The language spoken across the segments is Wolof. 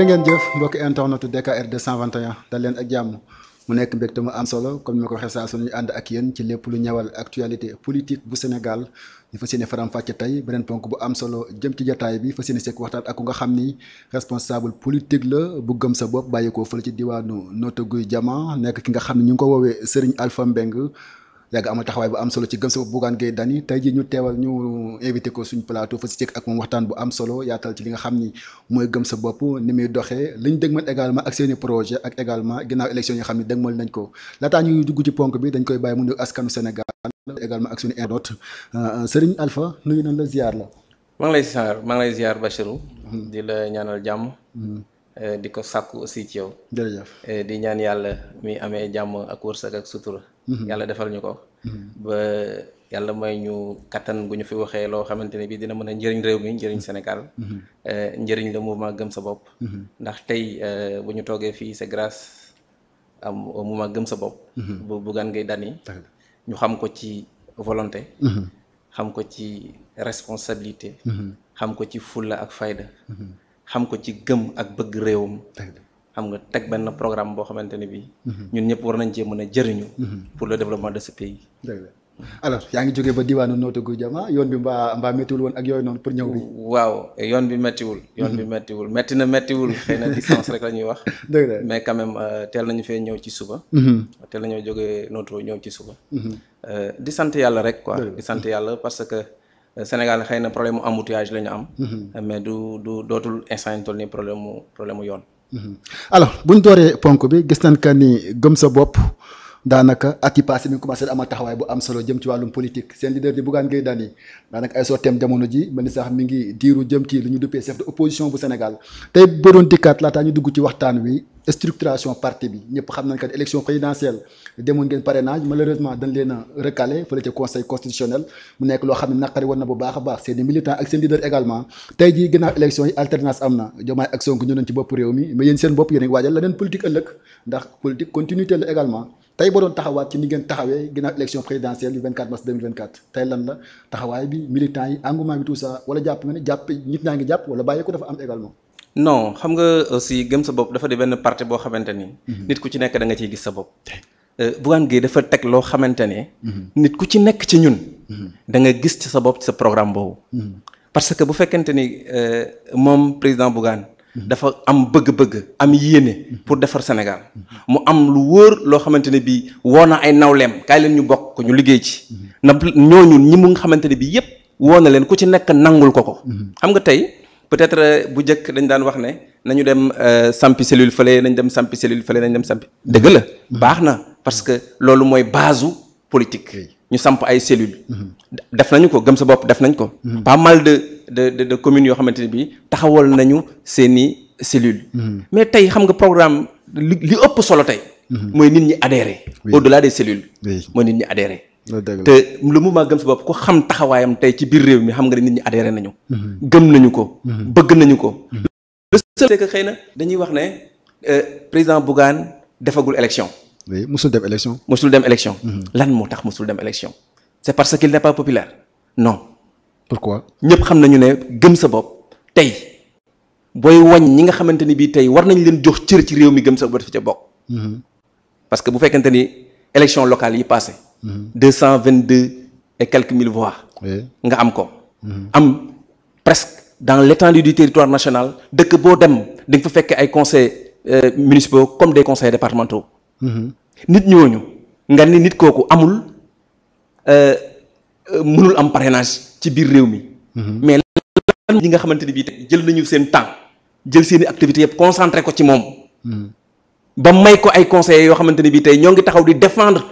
jërë ngeen jëf mbokki internetu DKR 221 dal leen ak jàmm mu nekk mbégte mu am solo comme ni ma ko waxee saa su ànd ak yéen ci lépp lu ñëwal actualité politique bu Sénégal ñu fa yéene faram-fàcce tey beneen ponk bu am solo jëm ci jataay bi fas yéene sekk waxtaan ak ku nga xam ni responsable politique la bu gëm sa bopp bàyyi ko fële ci diwaanu Notto Gouye jamaa nekk ki nga xam ne ñu ngi ko woowee Serigne Alpha Mbengue yàgg amal taxawaay bu am solo ci gëm sa bopp Bougane Gueye Dany tey jii ñu teewal ñu invité ko suñu plateau fa si ceeg ak moom waxtaan bu am solo yaatal ci li nga xam ni mooy gëm sa bopp ni muy doxee liñ dëgmal également ak seeni projet ak également ginnaaw élection yi nga xam ne dëgmal nañ ko laataa ñuy dugg ci ponk bi dañ koy bàyyi mu nuyu askanu Sénégal également ak suñu internaute euh, Serigne Alpha nuyu nañ la ziar la maa ngi lay ziar maa ngi lay ziar Bachirou mm-hmm. di la ñaanal jàmm mm-hmm. Eh, di ko sàkku aussi ci yow. jërëjëf eh, di ñaan yàlla mi amee jàmm ak wërsëg ak sutura. Mhm. yàlla defal ñu ko. Mhm. ba yàlla may ñu kattan gu ñu fi waxee loo xamante ne bii dina mën a njëriñ réew mi njëriñ mhm. Sénégal. Eh, njëriñ la mouvement gëm sa bopp. ndax tey bu ñu toogee fii c'est grâce am au mouvement gëm sa bopp. bu Bougane Gueye Dany ñu xam ko ci volonté. xam ko ci responsabilité. xam ko ci fulla ak fayda. xam ko ci gëm ak bëgg réewam xam nga teg benn programme boo xamante ne bi mhm. ñun ñëpp war nañ cee mën a jëriñu mhm. pour le développement de ce pays alors yaa ngi jógee ba diwaanu Notto Gouye Diama yoon bi mbaa mbaa méttiwul woon ak yooyu noonu pour ñëw waaw yoon bi méttiwul yoon bi mhm. méttiwul métti na méttiwul xëy na distance rek la ñuy wax dëgg la mais quand même euh, teel nañu fee ñëw ci suba teel nañoo jógee Notto ñëw ci suba euh, di sant yàlla rek quoi di sant yàlla parce que Sénégal xëy na problème mu embouteillage la ñu am. Mhm. mais du du dootul instant ñu problème problème yoon. Mhm. alors bu ñu dooree ponk bi gis nañ ka ni gëm sa bopp. daanaka at yi passé mi ngi commencé amal taxawaay bu am solo jëm ci wàllum politique seen leader di Bougane Gueye Dany daanaka ay sorteem jamono ji mel ni sax mi ngi diiru jëm ci li ñu duppee chef de opposition bu Sénégal tey boo doon dikkaat laataa ñu dugg ci waxtaan wi structuration parti bi ñëpp xam nañ kat élection présidentielle demoon ngeen parrainage malheureusement dañ leen a recalé fële ca conseil constitutionnel mu nekk loo xam ne na bu baax a baax seen i militants ak seen leader également tey jii ginnaaw élection yi mi mais yéen seen bopp yéen a ngi waajal leneen tey boo doon taxawaat ci ni ngeen taxawee ginnaaw élection présidentielle yu 24 mars 2024 tey lan la taxawaay bi militants yi engouement bi tout ça wala jàpp nga ne jàpp nit ñaa ngi jàpp wala bàyyi ko dafa am également. non xam nga aussi gëm sa bopp dafa di benn parti boo xamante ni. Mhm. nit ku ci nekk da nga ciy gis sa bopp. Euh, Bougane Gueye dafa teg loo xamante ne. Mhm. nit ku ci nekk ci ñun. Mhm. da nga gis ci sa bopp sa programme boobu. parce que bu fekkente ni euh, moom président Bougane. dafa am bëgg-bëgg am yéene pour defar Sénégal mu am lu wóor loo xamante ne bii woo na ay nawleem kaay leen ñu bokk ko ñu liggéey ci na ñooñu ñi mu nga xamante ne bii yépp woo na leen ku ci nekk nangul ko ko xam nga tey peut-être euh, bu njëkk dañ daan wax ne nañu dem euh, sampi cellule fale nañ dem sampi cellule fale nañ dem sampi dëgg la baax na parce que loolu mooy base politique ñu samp ay cellule mhm. def nañu ko gëm sa bopp def nañ ko mhm. pas de de de communes yoo xamante ne bii taxawal nañu seen i cellules. Hmm. mais tey xam nga programme li li ëpp solo tey. Hmm. mooy nit ñi adhéré. au-delà des cellules. mooy nit ñi adhéré. te mu mouvement gëm sa bopp ku xam taxawaayam tey ci biir réew mi xam nga ne nit ñi adhéré nañu. Hmm. gëm nañu ko. bëgg nañu ko. le seul xëy na dañuy wax ne euh, président Bougane defagul élection. oui musul dem élection. musul dem élection. lan moo tax musul dem élection. c'est parce que n'est pas populaire pourquoi ñëpp xam nañu ne gëm sa bopp tey booy wañ ñi nga xamante ni bii tey war nañ leen jox cër ci réew mi gëm sa bopp dafa ca bokk. Mm-hmm. parce que bu fekkente ni élection locale yi passé mm-hmm. deux cent vingt deux et quelques mille voix. nga am ko. Mm-hmm. am presque dans l'étendue du territoire national dëkk boo dem di nga fa fekk ay conseils euh, municipaux comme des conseils départementaux. nit ñooñu nga ni nit kooku amul. Euh, mënul am parrainage ci biir réew mi. Mhm. mais lan ñi nga xamante ni bii tey jël nañu seen temps jël seen i activités yëpp concentré ko ci moom. Mhm. ba may ko ay conseillers yoo xamante ni bii tey ñoo ngi taxaw di défendre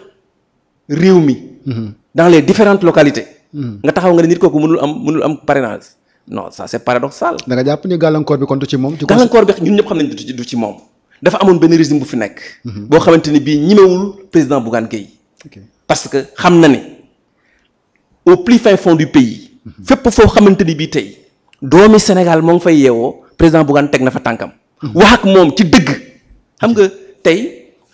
réew mi. Mhm. dans les différentes localités. nga taxaw nga ne nit kooku mënul am mënul am parrainage non ça c'est paradoxal. da nga jàpp ni gàllankoor bi kon du ci moom. ci gàllankoor bi ñun ñëpp xam nañ du ci moom. dafa amoon benn régime bu fi nekk. boo xamante ni bii ñimewul président Bougane Gueye. parce que xam na ne. au plus fin fond du pays. fépp foo xamante ni bii tey doomi Sénégal moo ngi fay yeewoo président Bougane teg na fa tànkam. wax ak moom ci dëgg. xam nga tey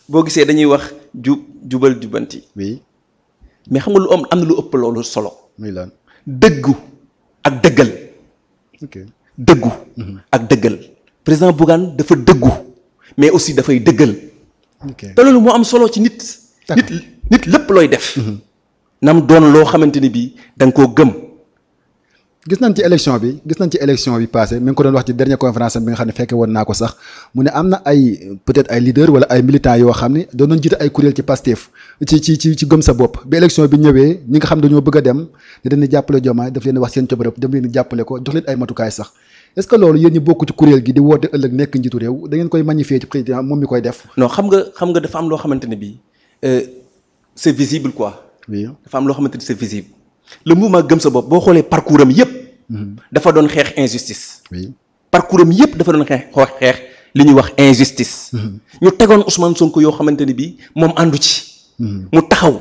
boo gisee dañuy wax jub jubal jubanti. oui mais xam nga lu am am na lu ëpp loolu solo. muy dëggu ak dëggal. dëggu. ak dëggal président Bougane dafa dëggu mais aussi dafay dëggal. te loolu moo am solo ci nit. nit nit lépp looy def. Mhm. nam doon loo xamante ni bii da nga koo gëm. gis nañ ci élection bi gis nañ ci élection bi passé mi ngi ko doon wax ci dernière conférence bi nga xam ne fekke woon naa ko sax mu ne am na ay peut ay leader wala ay militants yoo xam ne doon nañ jiite ay kuréel ci Pastef ci ci ci gëm sa bopp bi élection bi ñëwee ñi nga xam dañoo bëgg a dem ne dañuy jàppale Diomaye daf leen wax seen coobare dem leen jàppale ko jox leen ay matukaay sax est loolu yéen bokk ci kuréel gi di woote ëllëg nekk njiitu réew da ngeen koy magnifier ci président moom mi xam nga xam nga dafa ne bii euh, c'est visible quoi. dafa am loo xamante ni c'est visible le mouvement gëm sa bopp boo xoolee parcours am mhm. dafa doon xeex injustice parcours am yëpp dafa doon xeex xeex li ñuy wax injustice mhm. ñu tegoon Ousmane Sonko yoo xamante ni bii moom àndu ci mhm. mu taxaw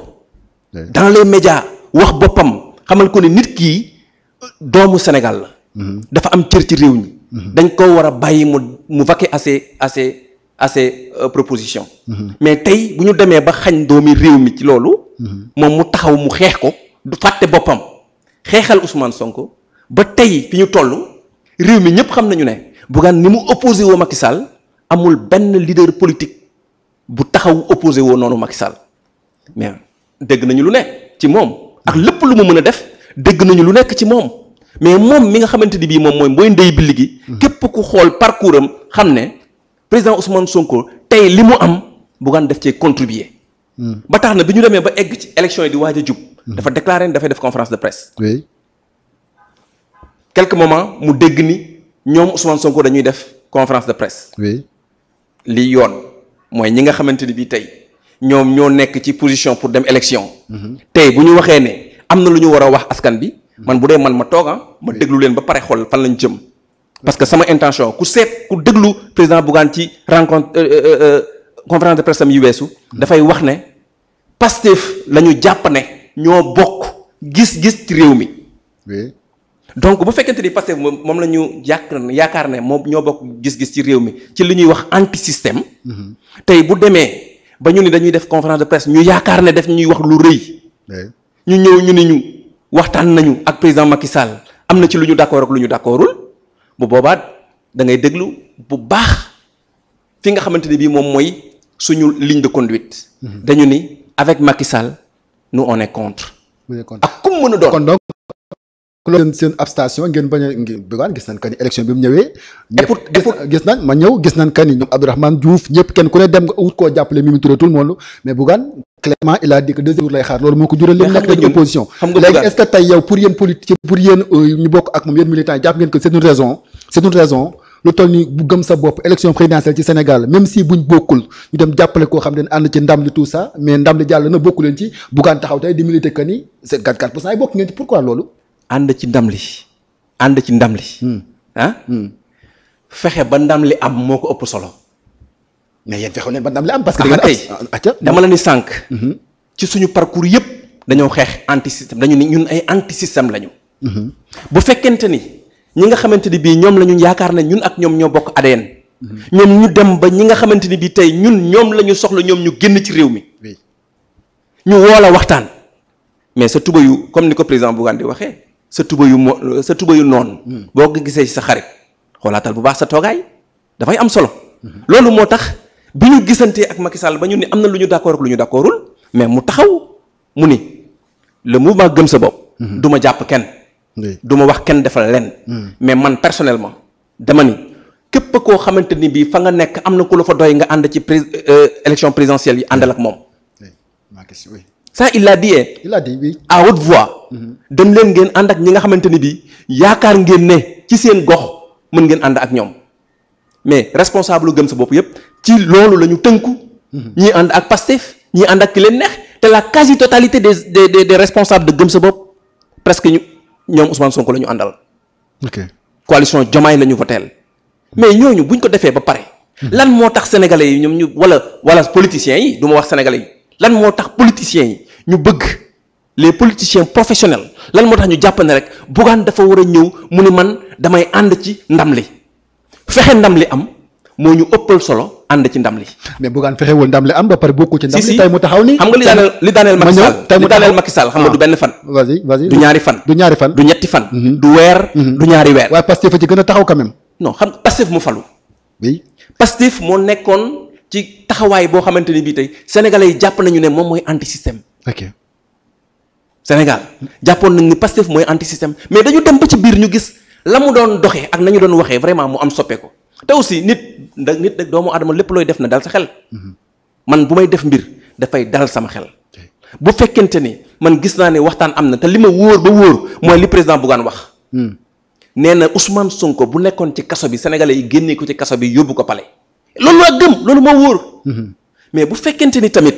dans les médias wax boppam xamal ko ne nit kii doomu Sénégal la dafa am cër ci réew ñi dañ ko war a bàyyi mu mu vaquer à ses à ces euh, propositions. Mm-hmm. mais tey bu ñu demee ba xañ doomi réew mi ci loolu. Mm-hmm. moom mu taxaw mu xeex ko du fàtte boppam xeexal Ousmane sonk ba tey fi ñu toll réew mi ñëpp xam nañu ne Bougane ni mu opposé woo Macky Sall amul benn leader politique bu taxaw opposé woo noonu Macky Sall mais dégg nañu lu ne ci moom ak lépp lu mu mën a def dégg nañu lu nekk ci moom mais moom mi nga xamante ni bii moom mooy mbooy ndey bi gi mm-hmm. képp ku xool parcours xam ne. président Ousmane Sonko tey li mu am Bougane def cee contribuer. Hmm. ba tax na bi ñu demee ba egg ci élection yi di waaj a jub. Hmm. dafa déclaré ne dafay def conférence de presse. oui moment mu dégg ni ñoom Ousmane Sonko dañuy def conférence de presse. oui li yoon mooy ñi nga xamante ni bii tey ñoom ñoo nekk ci position pour dem élection. Hmm. tey bu ñu waxee ne am na lu ñu war a wax askan bi. man bu dee man ma toog ah, ma déglu leen ba pare xool fan lañ jëm. parce que sama intention ku seet ku déglu président Bougane ci rencontre euh, euh, euh, conférence de presse am yu weesu. dafay wax ne Pastef la ñu jàpp ne ñoo bokk gis-gis ci réew mi. donc bu fekkente ni Pastef moom la ñu yàq yaakaar ne moom ñoo bokk gis-gis ci réew mi ci li ñuy wax anti système. Mhm. tey bu demee ba ñu ni dañuy def conférence de presse ñu yaakaar ne def ñuy wax lu rëy. ñu ñëw ñu ni ñu waxtaan nañu ak président Macky Sall am na ci lu ñu d'accord ak lu ñu d'accordul bu boobaat da ngay déglu bu baax fi nga xamante ne moom mooy suñu ligne de conduite. Mhm. dañu ni avec Macky Sall nous contre. ak kum mën a doon kon donc. seen seen abstention ngeen bañ a bëggoon gis nañ que élection bi mu ñëwee. gis nañ ma ñëw gis nañ que ñoom Abdourahmane Diouf ñëpp kenn ku ne dem nga wut koo jàppale Mimi Touré tout mais bëggoon. clairement il a dit que deuxième lay xaar loolu moo ko jural li nekk dañu opposition léegi est euh, moom yéen militant yi jàpp c'est une raison lu toll ni bu gëm sa bopp élection présidentielle ci Sénégal même si buñ bokkul ñu dem jàppale koo xam ne ànd ci ndam li tout ça mais ndam li jàll na bokk leen ci buggaan taxaw tey di militer que ni c'est 44 pour cent ay bokk ngeen ci pourquoi loolu. ànd ci ndam li ànd ci ndam li. Hmm. ah. Hmm. fexe ba ndam li am moo ko ëpp solo. mais yéen fexe ba ndam li am parce que. dama ah, dama la ni sànq. Hmm. ci suñu parcours yépp dañoo xeex anti système dañu ni ñun ay anti système ñi nga xamante ni bii ñoom la ñu yaakaar ne ñun ak ñoom ñoo bokk ADN. ñoom ñu dem ba ñi nga xamante ni bii tey ñun ñoom la ñu soxla ñoom ñu génn ci réew mi. ñu woola waxtaan. mais sa tuba yu comme ni ko président Bougane di waxee sa tuba yu mo sa tuba yu noonu. Hmm. boo ko gisee ci sa xarit xoolaatal bu baax sa toogaay dafay am solo. Hmm. loolu moo tax bi ñu gisantee ak Macky Sall ba ñu ne am na lu ñu d'accord ak lu ñu d'accordul mais mu taxaw mu ni le mouvement gëm sa bopp. Hmm. ma jàpp kenn. du ma wax kenn defal leen hmm. mais man personnellement dama ni képp koo xamante ni bii fa nga nekk am na ku la fa doy nga ànd ci prés euh, élection présidentielle yi àndal ak moom. ça il l'a dit eh. il l'a dit hmm. dem leen ngeen ànd ak ñi nga xamante ni bii yaakaar ngeen ne ci seen gox mën ngeen ànd ak ñoom mais responsable lu gëm sa bopp yépp ci loolu la ñu tënku. Hmm. ñii ànd ak Pastef ñii ànd ak ki leen neex te la quasi totalité de des des responsables de gëm sa bopp presque ñoom Ousmane Sonko la ñu àndal. ok coalition Jomaay la ñu voteel mais ñooñu buñ ko defee ba pare. lan moo tax sénégalais yi ñoom ñu wala wala politiciens yi duma wax sénégalais yi lan moo tax politiciens yi ñu bëgg les politiciens professionnels lan moo tax ñu jàpp ne rek Bougane dafa war a ñëw mu ni man damay ànd ci ndam li fexe ndam li am moo ñu ëppal solo. ànd ci ndam li. mais Bougane fexewul ndam li am ba pare bokku ci ndam li. tey mu taxaw nii. xam nga li daaneel li daaneel Macky Sall tey mu taxaw xam nga du ah. benn fan. du ñaari fan. du ñetti fan. Mhm. du weer. Mhm. du ñaari weer. waaye Pastef a ci gën a taxaw quand même. xam Pastef mu falu. oui moo nekkoon ci taxawaay boo xamante ni bii tey sénégalais yi jàpp nañu ne moom mooy anti système. ok Sénégal jàppoon nañu ne Pastef mooy anti système mais dañu dem ba ci biir ñu gis la mu doon doxee ak nañu doon waxee vraiment mu am soppe ko te aussi nit da nit da doomu aadama lépp looy def na dal sa xel man bu may def mbir dafay dal sama xel bu fekkente ni man gis naa ne waxtaan am na te li ma wóor ba wóor mooy li président Bougane wax hmm. nee na Ousmane Sonko bu nekkoon ci kaso bi sénégalais yi génnee ko ci kaso bi yóbbu ko pale loolu laa gëm loolu moo wóor hmm. mais bu fekkente ni tamit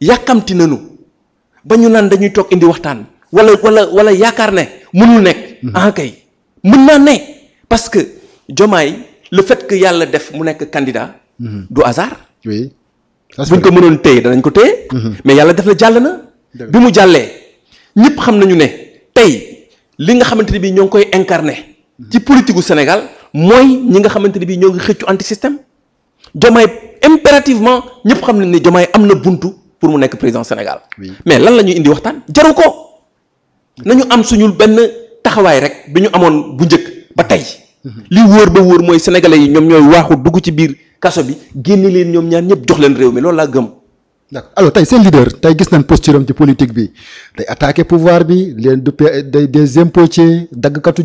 yàkkamti nañu ba ñu naan dañuy toog indi waxtaan wala wala wala yaakaar ne mënul nekk en hmm. ah, kay mën naa ne parce que jomaay le fait que yàlla def mu nekk candidat. Mhm. du hasard. oui buñ ko mënoon téye danañ ko téye. Mhm. mais yàlla def na jàll na. bi mu jàllee ñëpp xam nañu ne tey li nga xamante ne bii ñoo ngi koy incarné. Mhm. ci politique gu Sénégal mooy ñi nga xamante ne bii ñoo ngi xëccu anti système. Diomaye impérativement ñëpp xam nañ ne Diomaye am na buntu pour mu nekk président Sénégal. mais lan la ñuy indi waxtaan jaru ko. nañu am suñu benn taxawaay rek bi ñu amoon bu njëkk ba tey. li wóor ba wóor mooy sénégalais yi ñoom ñooy waaxu dugg ci biir kaso bi génne leen ñoom ñaan ñëpp jox leen réew mi loolu laa gëm. d'accord alors tey seen leader tey gis nañ posture am ci politique bi day attaqué pouvoir bi leen duppee day des impôts ci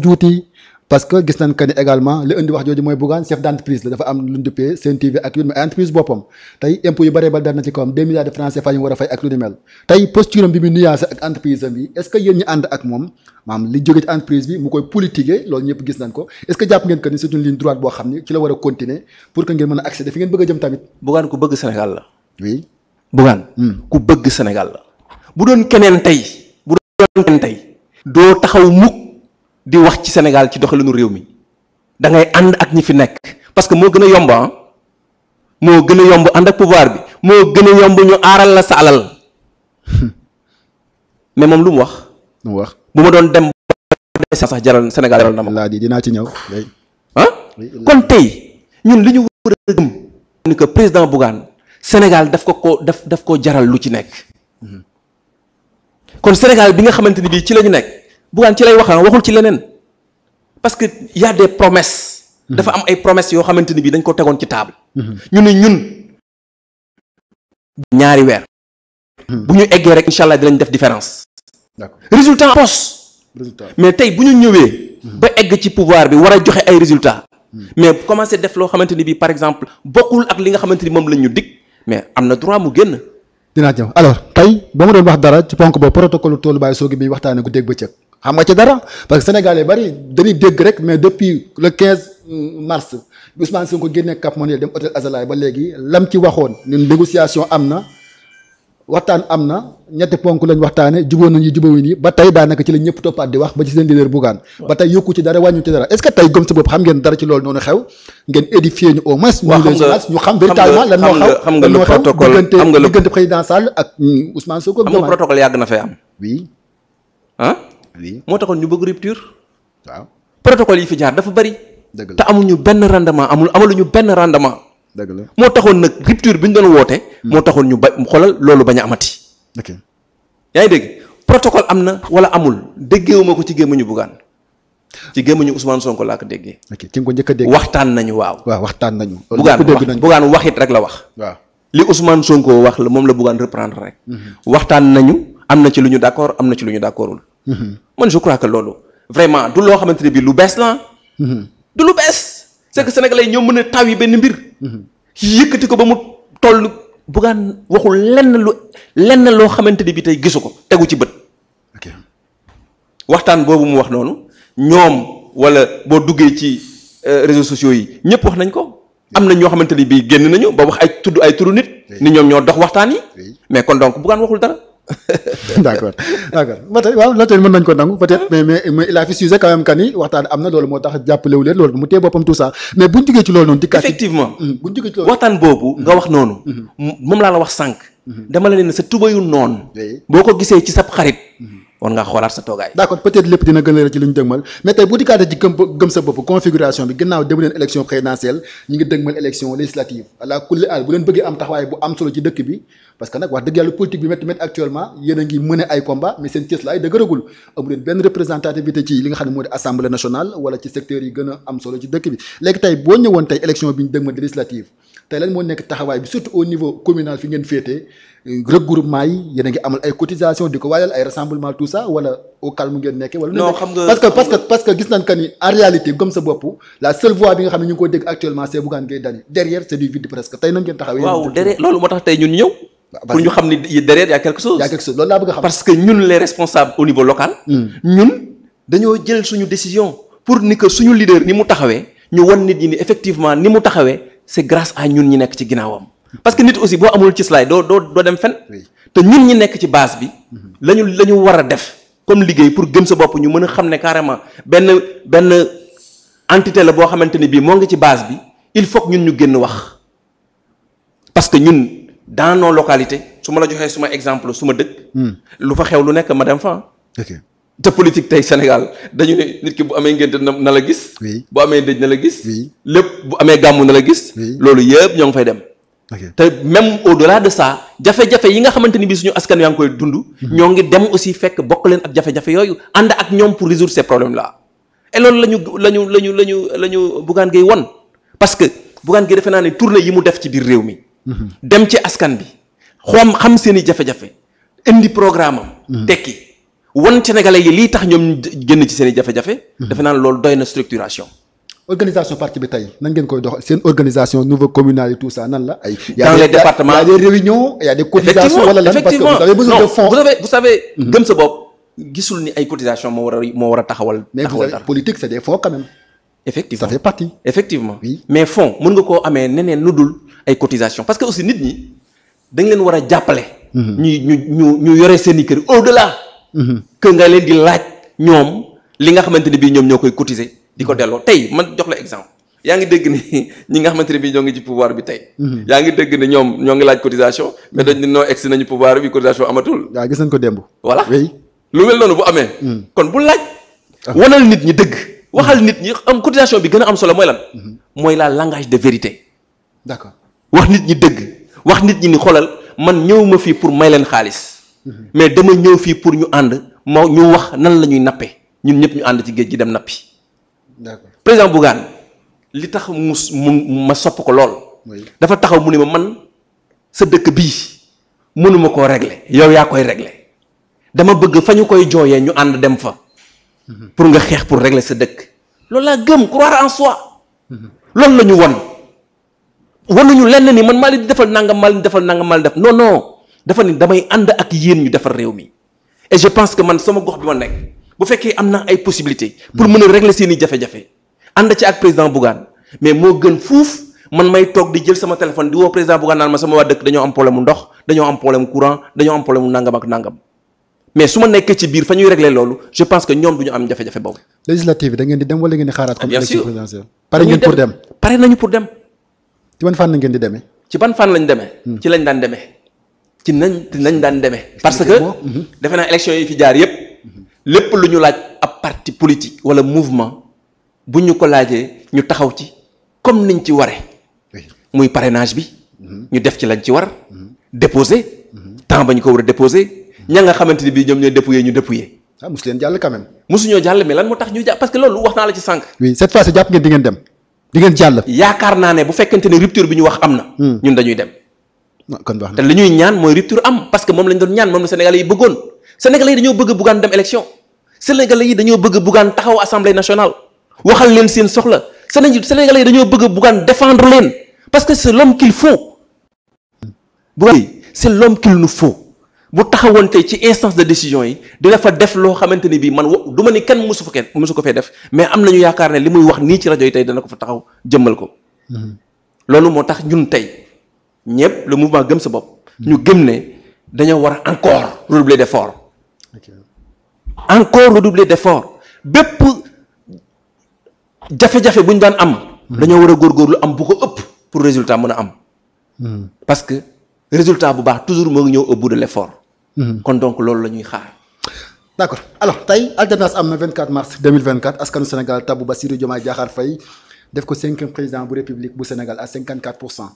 juuti. parce que gis nañ que ni également li indi jooju mooy Bougane chef d' la dafa am lu ñu duppee seen TV ak lu ñu entreprise boppam tey impôts yu bëree ba dal na ci kawam 2 milliards de francs CFA war a fay ak lu ñu mel tey posture bi mu nuancé ak entreprise bi mu koy politiquer loolu ñëpp gis nañ ko est ce jàpp ngeen que ni c'est une ligne boo xam ne ci la war a continuer pour que ngeen mën a accéder fi ngeen bëgg a jëm tamit. Hmm. bu di wax ci Sénégal ci doxalinu réew mi da ngay ànd ak ñi fi nekk parce que moo gën a yomb ah. moo gën a yomb ànd ak pouvoir bi moo gën a yomb ñu aaral la sa alal mais moom lu mu wax. lu wax bu ma doon dem sax jaral Sénégal jaral na ma. dinaa ci ñëw. ah kon tey ñun li ñu war président Bougane Sénégal daf ko ko daf daf koo jaral lu ci nekk. Mhm. kon Sénégal bi nga xamante ni bii ci la nekk. Bougane ci lay wax waxul ci leneen parce que y a des mhm. dafa am ay promesses yoo xamante ni bii dañ ko tegoon ci taabu mhm. ñu ne ñun ñaari weer. Mhm. bu ñu eggee rek incha allah dinañ def différence. d'accord résultat poste. résultat mais tey bu ñu ñëwee. ba egg ci pouvoir bi war a joxe ay résultats. mais commencé def loo xamante ni bii par exemple bokkul ak li nga xamante ni moom lañ ñu dig mais am na droit mu génn. dinaa ñëw alors tey ba ma doon wax dara ci ponk boobu protocole xam nga ci dara parce que Sénégal yi bari dañuy dégg rek mais depuis le 15 mars bi Ousmane Sonko génnee Cap Manuel dem hôtel Azalaï ba léegi am na waxtaan am na ñetti ponk lañ waxtaane jubóo nañu jubóo ba tey daanaka ci ñëpp toppaat wax ba ci seen leader Bougane ba tey yokku ci dara wàññu ci dara est-ce que tey gëm sa bopp xam ngeen lan moo xew diggante président Sall ak mm, Ousmane Sonko xam nga yàgg na fee am oui ah moo taxoon ñu bëgg rupture. waaw protocole yi fi jaar dafa bari. dëgg la te amuñu benn rendement amul ñu benn rendement. dëgg la moo taxoon nag rupture bi ñu doon woote. Hmm. moo taxoon ñu ba xoolal loolu bañ a amati. ok yaa ngi dégg protocole am na wala amul déggeewuma ko ci gémmiñu Bougane ci gémmiñu Ousmane Sonko laa ko déggee. ok ci ko njëkk a waxtaan nañu waaw. waaw waxtaan nañu. Bougane Bougane waxit rek la wax. waaw li Ousmane Sonko wax la moom la buggaan reprendre rek. Hmm. waxtaan nañu am na ci lu ñu d'accord am na ci lu ñu d'accordul man je crois que loolu vraiment du loo xamante ne lu bees la du lu bees c'est que ñoo mën na taw yi benn mbir yëkkati ko ba mu toll buggaan waxul lenn lu lenn loo xamante ne bii tey gisu ko tegu ci bët waxtaan boobu mu wax noonu ñoom wala boo duggee ci euh, réseaux sociaux yi ñëpp wax nañ ko am na ñoo xamante ni bii génn nañu ba wax ay tudd ay turu nit ni ñoom ñoo dox waxtaan yi mais kon donc buggaan waxul dara d' accord d' accord waaw loolu tamit mën nañu ko nangu mais mais il waxtaan am na loolu moo tax jàppale wu leen loolu mu téye boppam tout ça mais buñ jugee ci loolu noonu. dikkaat effectivement hmm, buñ jugee ci loolu waxtaan boobu. nga wax noonu. Hmm. moom laa la wax sànq. Hmm. dama la leen sa tubayu noon boo ko gisee ci sab xarit. war ngaa xoolaat sa toogaay. d' accord lépp dina gën a ci li ñu dëgmal mais tey bu dem leen élection présidentielle ñu ngi dëgmal élection législative ala kulli bu leen bëggee am taxawaay bu am solo ci dëkk bi parce que nag wax dëgg yàlla politique bi métti métti actuellement yéen a ngi mëne ay combat mais seen cës laay dëgëragul amu leen benn représentativité ci li nga xam ne moo di assemblée nationale wala ci secteurs yi gën a am solo ci dëkk bi léegi tey boo ñëwoon tey élection ça wala au calme ngeen nekkee. nga parce que parce que gis nañ que ni en réalité gëm sa bopp la seule voix bi nga xam ne ñu ngi ko dégg actuellement c' est Bougane Gueye derrière c' du vide presque tey nan ngeen taxawee. a quelque chose. parce que ñun les responsables au niveau local. Hmm. ñun dañoo jël suñu décision pour ni que suñu leader ni mu taxawee ñu wan nit ñi ni effectivement ni mu taxawee c' est grâce à ñun ñi nekk ci ginnaawam parce que nit aussi boo amul ci doo doo doo dem fen te ñun ñi nekk ci base bi lañu la ñu war a def comme liggéey pour gëm sa bopp ñu mën a xam ne carrément benn benn entité la boo xamante ni bii moo ngi ci base bi il faut ñun ñu génn wax parce que ñun dans nos su ma la joxee suma exemple suma ma dëkk hmm. lu fa xew lu nekk ma dem fa te politique tey Sénégal dañu ne nit ki bu amee ngénte na la gis bu amee dëj na la gis lépp bu amee gàmmu na la gis loolu yëpp ñoo ngi dem te même au delà de ça jafe-jafe yi nga xamante ni bi suñu askan yaa ngi koy dund. Mhm. ñoo ngi dem aussi fekk bokk leen ak jafe-jafe yooyu ànd ak ñoom pour résoudre ces problèmes là. et loolu la ñu la ñu la ñu la ñu la ñu Bougane Gueye won parce que Bougane Gueye defe naa ne tournée yi mu def ci biir réew mi. Mhm. dem ci askan bi xoom xam seen i jafe-jafe indi programme am. Mhm. tekki won Sénégalais yi lii tax ñoom génn ci seen i jafe-jafe. defe naa ne loolu doy na structuration. organisation parti bi tey nan ngeen koy doxal seen organisation niveau communal et tout ça nan la ay. dans les départements y a des réunions y a des cotisations fonds vous savez mhm. gëm sa bopp gisul ni ay cotisation moo war moo war taxawal. taxawal dara mais politique c'est des fonds quand effectivement ça mais fonds mën nga koo amee neneen nu dul ay cotisation parce que aussi nit ñi dañ leen war a jàppale. Mhm. ñu ñu ñu ñu yoree seen i kër au delà. Mhm. que nga leen di laaj ñoom li nga xamante ne bii ñoom ñoo koy cotiser. di ko delloo tey man jox la exemple yaa ngi dégg ni ñi nga xamante ne bii ñoo ngi ci pouvoir bi tey. Mhm. yaa ngi dégg ne ñoom ñoo ngi laaj cotisation mais dañ mhm. ne noo egsi nañu pouvoir bi cotisation amatul. waaw gis nañ ko démb. voilà lu mel noonu amee. Mhm. kon bu laaj. Ah. wanal nit ñi dëgg. waxal nit ñi am cotisation bi gën a am solo mooy lan. mooy la langage de vérité. d'accord wax nit ñi dëgg wax nit ñi ni xoolal man ñëw ma fii pour may leen xaalis. mais dama ñëw fii pour ñu ànd moo ñu wax nan la ñuy nappee ñun ñëpp ñu ànd ci géej gi dem nappi. président Bougane li tax mu mu ma sopp ko lool. dafa taxaw mu ni ma man sa dëkk bii mënuma koo régler yow yaa koy régler dama bëgg fa ñu koy jooyee ñu ànd dem fa. Mhm. pour nga xeex pour régler sa dëkk. loolu laa gëm croire en soi. Mhm. loolu la ñu won wanuñu lenn ni man maa leen di defal nangam maa leen di defal nangam def non non dafa ni damay ànd ak yéen ñu defar réew mi et je pense que man sama gox bi ma nekk. bu fekkee am na ay possibilité pour mën a régler seen i jafe-jafe. ànd ci ak président Bougane mais moo gën fuuf man may toog di jël sama téléphone di woo président Bougane naan ma sama waa dëkk dañoo am problème mu ndox dañoo am problème courant dañoo am problème mu nangam ak nangam mais su ma nekkee ci biir fa ñuy régler loolu je pense que ñoom du ñu am jafe-jafe boobu. législative bi da ngeen di dem wala ngeen di xaaraat. comme pare ngeen pour dem pare nañu pour dem. ci ban fànn ngeen di demee. ci ban fànn lañ demee. ci lañ daan demee. ci nañ nañ daan demee. parce que defe naa élection yi fi jaar yëpp lépp lu ñu laaj ab parti politique wala mouvement bu ñu ko laajee ñu taxaw ci comme niñ ci ware muy parrainage bi mm-hmm. ñu def ci lañ ci war mm-hmm. déposer mm-hmm. temps ba ñu ko war a déposer ña nga xamante ni bii ñoom ñooy dépouiller ñu dépouiller ah mosu leen jàll quand même. ñoo jàll mais lan moo tax ñu jàpp parce que loolu wax naa la ci sànq. oui cette fois ci jàpp ngeen di dem di jàll. yaakaar naa ne bu fekkente ne rupture bi ñu wax am na. Hmm. ñun dañuy dem. kon baax na te li ñuy ñaan mooy rupture am parce que moom lañ doon ñaan moom la Sénégalais yi bëggoon Sénégalais yi dañoo bëgg Bougane dem élection Sénégalais yi dañoo bëgg Bougane taxaw assemblée nationale waxal leen seen soxla Sénégalais yi dañoo bëgg Bougane défendre leen parce que c'est l'homme qu'il faut. Bougane c'est l'homme qu'il tey ci instance de décision yi dina fa def loo xamante ni bii man du ma ni kenn mosu fa kenn mosu ko fee def mais am nañu yaakaar ne li muy wax nii ci rajo yi tey dana ko fa taxaw jëmmal ko. Mm-hmm. loolu tax ñun ñëpp lu mouvement gëm sa bopp ñu gëm ne dañoo war a encore redoubler d'effort encore redoubler d'effort bépp jafe-jafe bu ñu daan am dañoo war a góorgóorlu am bu ko ëpp pour résultat mën a am hmm. parce que résultat bu baax toujours moo ngi ñëw au bout de l'effort hmm. kon donc loolu la ñuy xaar d'accord alors tey alternance am na 24 mars 2024 askanu Sénégal tabu Bassirou Diomaye Diakhar def ko cinquième président bu république bu Sénégal à 54 pour cent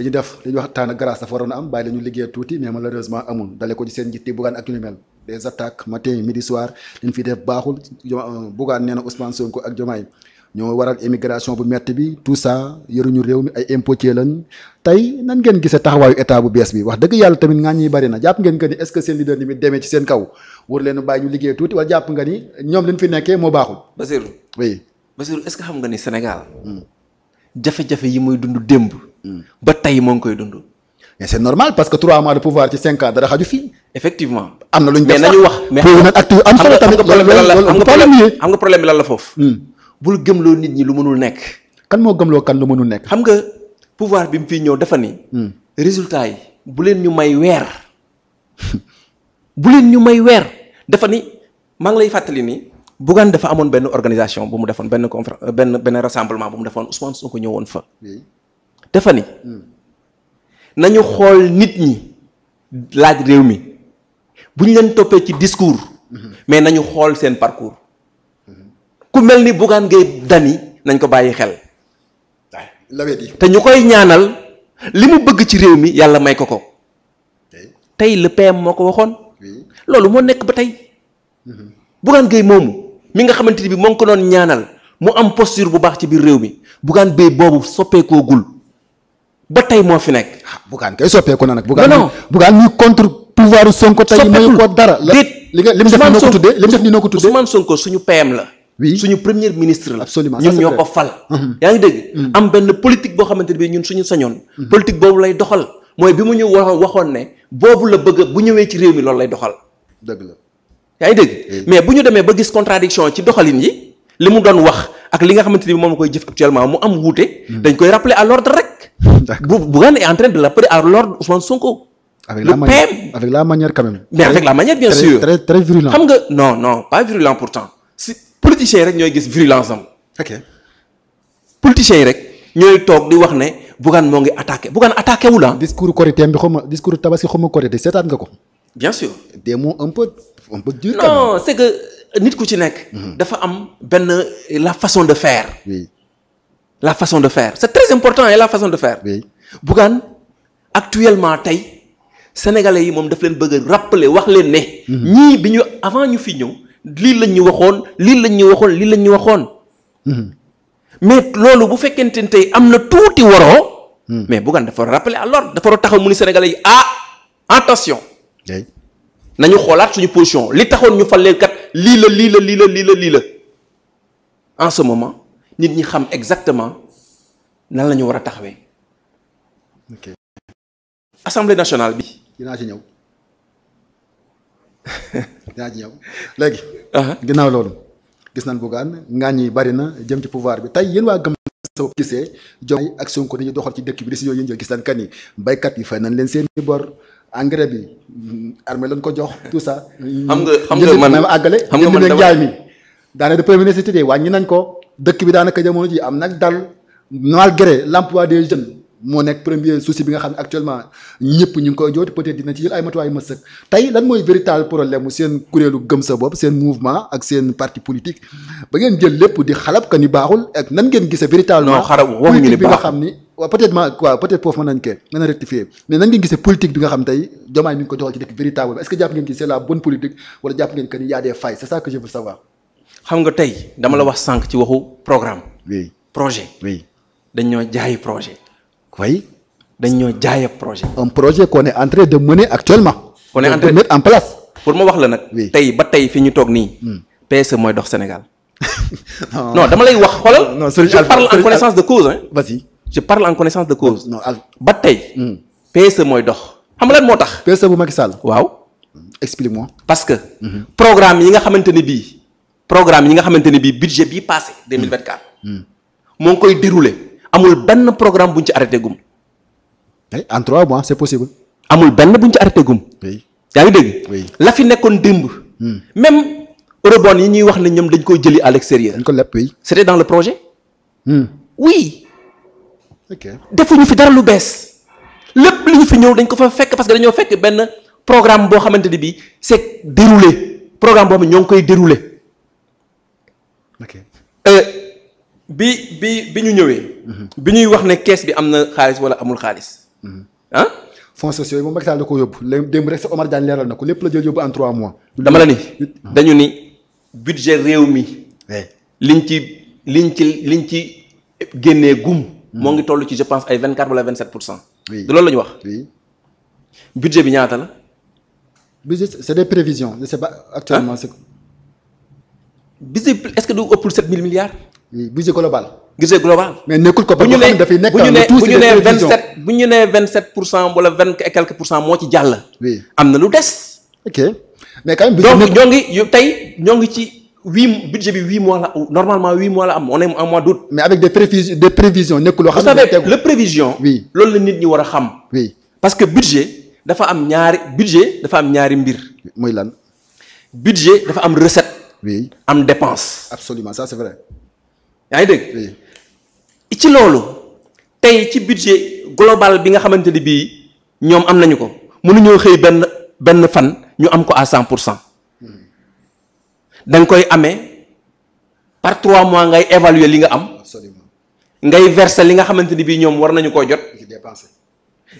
li def li ñu wax temps de grâce dafa waroon am bàyyi la ñu liggéey tuuti mais malheureusement amul dale ko ci seen njiit yi Bougane ak ñu mel des attaques matin midi soir li ñu def baaxul euh, Bougane nee na Ousmane Sonko ak Diomaye ñoo waral immigration bu metti bi tout ça yoruñu réew mi ay impôtier lañ tey nan ngeen gisee taxawaayu état bu bees bi wax dëgg yàlla tamit ngaa ñuy bari na jàpp ngeen que ni est-ce que seen leader ni mi demee ci seen kaw war leen bàyyi nga ni ñoom liñ fi nekkee moo baaxul Basirou oui Basirou est-ce jafe-jafe yi muy dund démb. Hmm. ba tey moo ngi koy dund. mais c'est normal parce que trois mois de pouvoir ci cinq ans dara xaju fii. effectivement am na lu ñu def mais nañu wax. mais xam nga am solo tamit am nga problème bi lan la foofu. Hmm. bul gëmloo nit ñi lu mënul nekk. kan moo gëmloo kan lu mënul nekk. xam nga pouvoir bi mu fii ñëw dafa ni. Hmm. résultat yi bu leen ñu may weer bu leen ñu may weer dafa ni maa ngi lay fàttali nii Bougane dafa amoon benn organisation bu mu defoon benn confé euh, benn benn rassemblement bu mu defoon Ousmane ko ñëwoon fa. dafa ni hmm. nañu xool nit ñi laaj réew mi bu ñu leen toppee ci discours. Hmm. mais nañu xool seen parcours. Hmm. ku mel ni Bougane Gueye dani nañ ko bàyyi xel. te ñu koy ñaanal li mu bëgg ci réew mi yàlla may ko ko. tey le moo ko waxoon. loolu moo nekk ba tey. Bougane Gueye moomu. mi nga xamante ni bi moo ngi ko doon ñaanal mu am posture bu baax ci biir réew mi buggaan Gueye boobu soppeekoogul ba tey moo fi nekk. ah Bougane kay soppeeku na nag. non non Bougane ñuy contre pouvoir Sonko tey mayu ko dara. déet li nga li mu def noo ko tuddee li mu def nii noo ko tuddee Sonko suñu PM la. oui suñu premier ministre la. absolument ñun ñoo ko fal. Mhm. yaa ngi dégg. Mhm. am benn politique boo xamante ne bii ñun suñu sañoon. Mhm. politique boobu lay doxal. mooy bi mu ñu waxoon ne boobu la bëgg bu ñëwee ci réew mi loolu lay doxal. dëgg la. yaa ngi dégg mm. mais bu ñu demee ba gis contradiction ci doxalin yi li mu doon wax ak li nga xamante ni moom la koy jëf actuellement mu am wuute mm. dañ koy rappeler à l'ordre rek bu Bougane est en train de l'appeler à l'ordre Ousmane Sonko avec la manière avec la manière quand mais avec la manière bien sûr xam nga non non pas virulent pourtant si politiciens yi rek ñooy gis virulence am. ok politiciens yi rek ñooy toog di wax ne Bougane moo ngi attaqué Bougane attaqué wu la. Ah. discours nga ko. bien sûr des mots un peu un peu nit ku ci nekk. Mhm. dafa am benn euh, la façon de faire. la façon de faire c'est très important et la façon de faire. oui Bougane actuellement tey sénégalais yi moom daf leen bëgg a rappeler wax leen ne. Mhm. ñii bi ñu avant ñu fi ñëw lii lañ ñu waxoon lii lañ ñu waxoon lii lañ ñu waxoon. Mhm. mais loolu bu fekkente ne tey am na tuuti waroo. mais Bougane dafa rappeler alors dafa war taxaw mu ni sénégalais yi ah attention. nañu xoolaat suñu position li taxoon ñu fal leen kat lii la lii la lii la lii la lii la en ce moment nit ñi xam exactement nan lañu war a taxawee. ok assemblée nationale bi. dinaa ci ñëw dinaa ci ñëw léegi. Ah ah. ginnaaw loolu gis nañ Bougane ngaañ yi bari na jëm ci pouvoir bi tey yéen waa gëm soo gisee Diomaye ak Sonko ci dëkk bi décision yi ñu jël ni baykat yi fay nañ leen seen i bor. engrais bi armée lañ ko jox tout ça. xam nga xam nga man àggale. xam nga man jaay mi daanaka premier ministre yi wàññi nañ ko dëkk bi daanaka jamono ji am nag dal malgré l'emploi de jeunes moo nekk premier souci bi nga xam ne actuellement ñëpp ñu ngi koy jooytu peut-être dina ci jël ay matuwaay mësëk tey lan mooy véritable problème seen kuréelu gëm sa bopp seen mouvement ak seen parti politique ba ngeen jël lépp di xalab ka ni baaxul ak nan ngeen gisee. véritablement politique bi nga xam ni. waaw peut-être ma waaw peut-être foofu mën nañ kee mën a rectifier mais nan ngeen gisee politique bi nga xam tey Diomaye mi ngi ko doxal ci dëkk véritable est-ce que jàpp ngeen ci la bonne politique wala jàpp ngeen que ni y a c'est ça que je veux savoir xam nga tey dama la wax sànq ci waxu programme projet oui dañoo jaayi projet way dañoo jaaye de mener actuellement qu'on est en de mettre en place pour ma wax la nag tey ba tey fi ñu toog nii hmm. PSE mooy dox Sénégal non dama lay wax xoolal je parle en connaissance de cause je parle en connaissance de cause. ba tey. Hmm. PSE mooy dox. xam nga moo tax. PSE bu Macky Sall. waaw. explique-moi. parce que. Hmm. programme yi nga xamante ne bii. programme yi nga xamante ne bii budget bii passé 2024. Hmm. moo ngi koy déroulé amul benn programme bu ñu ci arrêté gum. Eh, en trois mois c'est possible. amul benn buñ ñu ci arrêté gum. yaa ngi dégg. la fi nekkoon démb. même eurobond yi ñuy wax ne ñoom dañ koy jëli à l'extérieur. dañ ko lépp c'était dans le projet. oui. defuñu fi dara lu bees lépp li ñu fi ñëw dañ ko fa fekk parce que dañoo fekk benn programme boo xamante ni bii c'est déroulé programme boobu ñoo koy déroulé. ok euh, bi bi bi ñu ñëwee. Mhm. bi ñuy wax ne kees bi am na xaalis wala amul xaalis. Mhm. ah. fonds sociaux yi moom Macky Sall ko yóbbu léegi démb rek sa Omar Diagne leeral na ko lépp la jël yóbbu en trois mois. dama la ni dañu ni budget réew mi. liñ ci liñ ci liñ ci génnee gum. moo ngi toll ci je pense ay vingt quatre wala vingt sept pour cent. oui bi ñaata la. budget c'est des prévisions je sais pas actuellement. c'est budget est-ce du ëpp sept mille milliards. oui budget global. budget global. mais nekkul ko ba nga xam dafay nekk dans tout bu ñu nee bu ñu nee vingt sept bu ñu nee vingt sept pour moo ci jàll. am na lu des. ok mais quand même. budget donc ngi tey ñoo ngi ci. huit budget bi huit mois la normalement huit mois la am on est en mois d'août. mais avec des prévisions des prévisions nekk loolu la nit ñi war a xam. parce que budget dafa am ñaari budget dafa am ñaari mbir. mooy lan. budget dafa am recette. oui am dépense. absolument ça c'est yaa ngi dégg. loolu tey ci budget global bi nga xamante ni bii ñoom am nañu ko mënuñoo xëy benn benn fan ñu am ko à cent pour cent. da koy amee par trois mois ngay évaluer li nga am. ngay verser li nga xamante ni bii ñoom war nañu koo jot.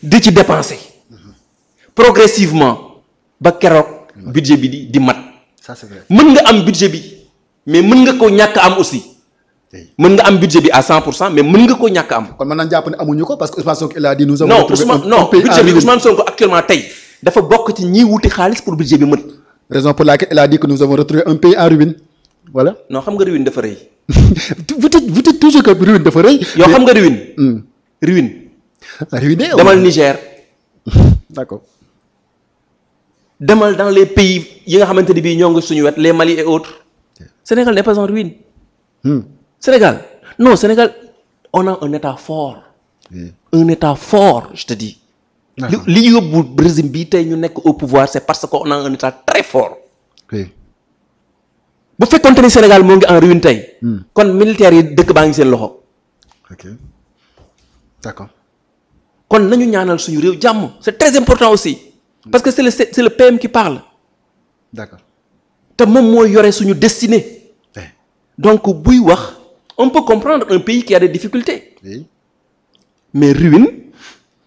di ci dépenser. Mhm. progressivement ba keroog. Mhm. budget bi di di mat. ça c'est mën nga am budget bi mais mën nga ko ñàkk am aussi. mën nga am budget bi à 100 kon mën nañu jàpp ne amuñu ko parce que Ousmane Sonko il a dit actuellement tey dafa bokk ci ñiy wuti xaalis pour budget bi mën. raison pour la elle a dit que nous avons retrouvé un pays en ruine voilà. non xam nga ruine dafa rëy. vous dites xam nga ruine. Hmm. ruine. ruiné demal Niger. demal dans les pays yi nga xamante ni bii ñoo ngi suñu wet les Mali et autres. Sénégal n'est pas en ruine. Hmm. Sénégal non Sénégal on a un état fort. un état fort li yóbbu régime bi tey ñu nekk au pouvoir c'est parce que on a un état très fort. bu fekkonte ni Sénégal moo ngi en ruine tey. Hmm. kon militaires yi dëkk baa ngi seen loxo. ok kon nañu ñaanal suñu réew jàmm c'est très important aussi. parce que c'est le c'est le PM qui parle. d'accord te moom mooy yore suñu destinée. donc buy wax on peut comprendre un pays qui a des difficultés. Oui. mais ruine.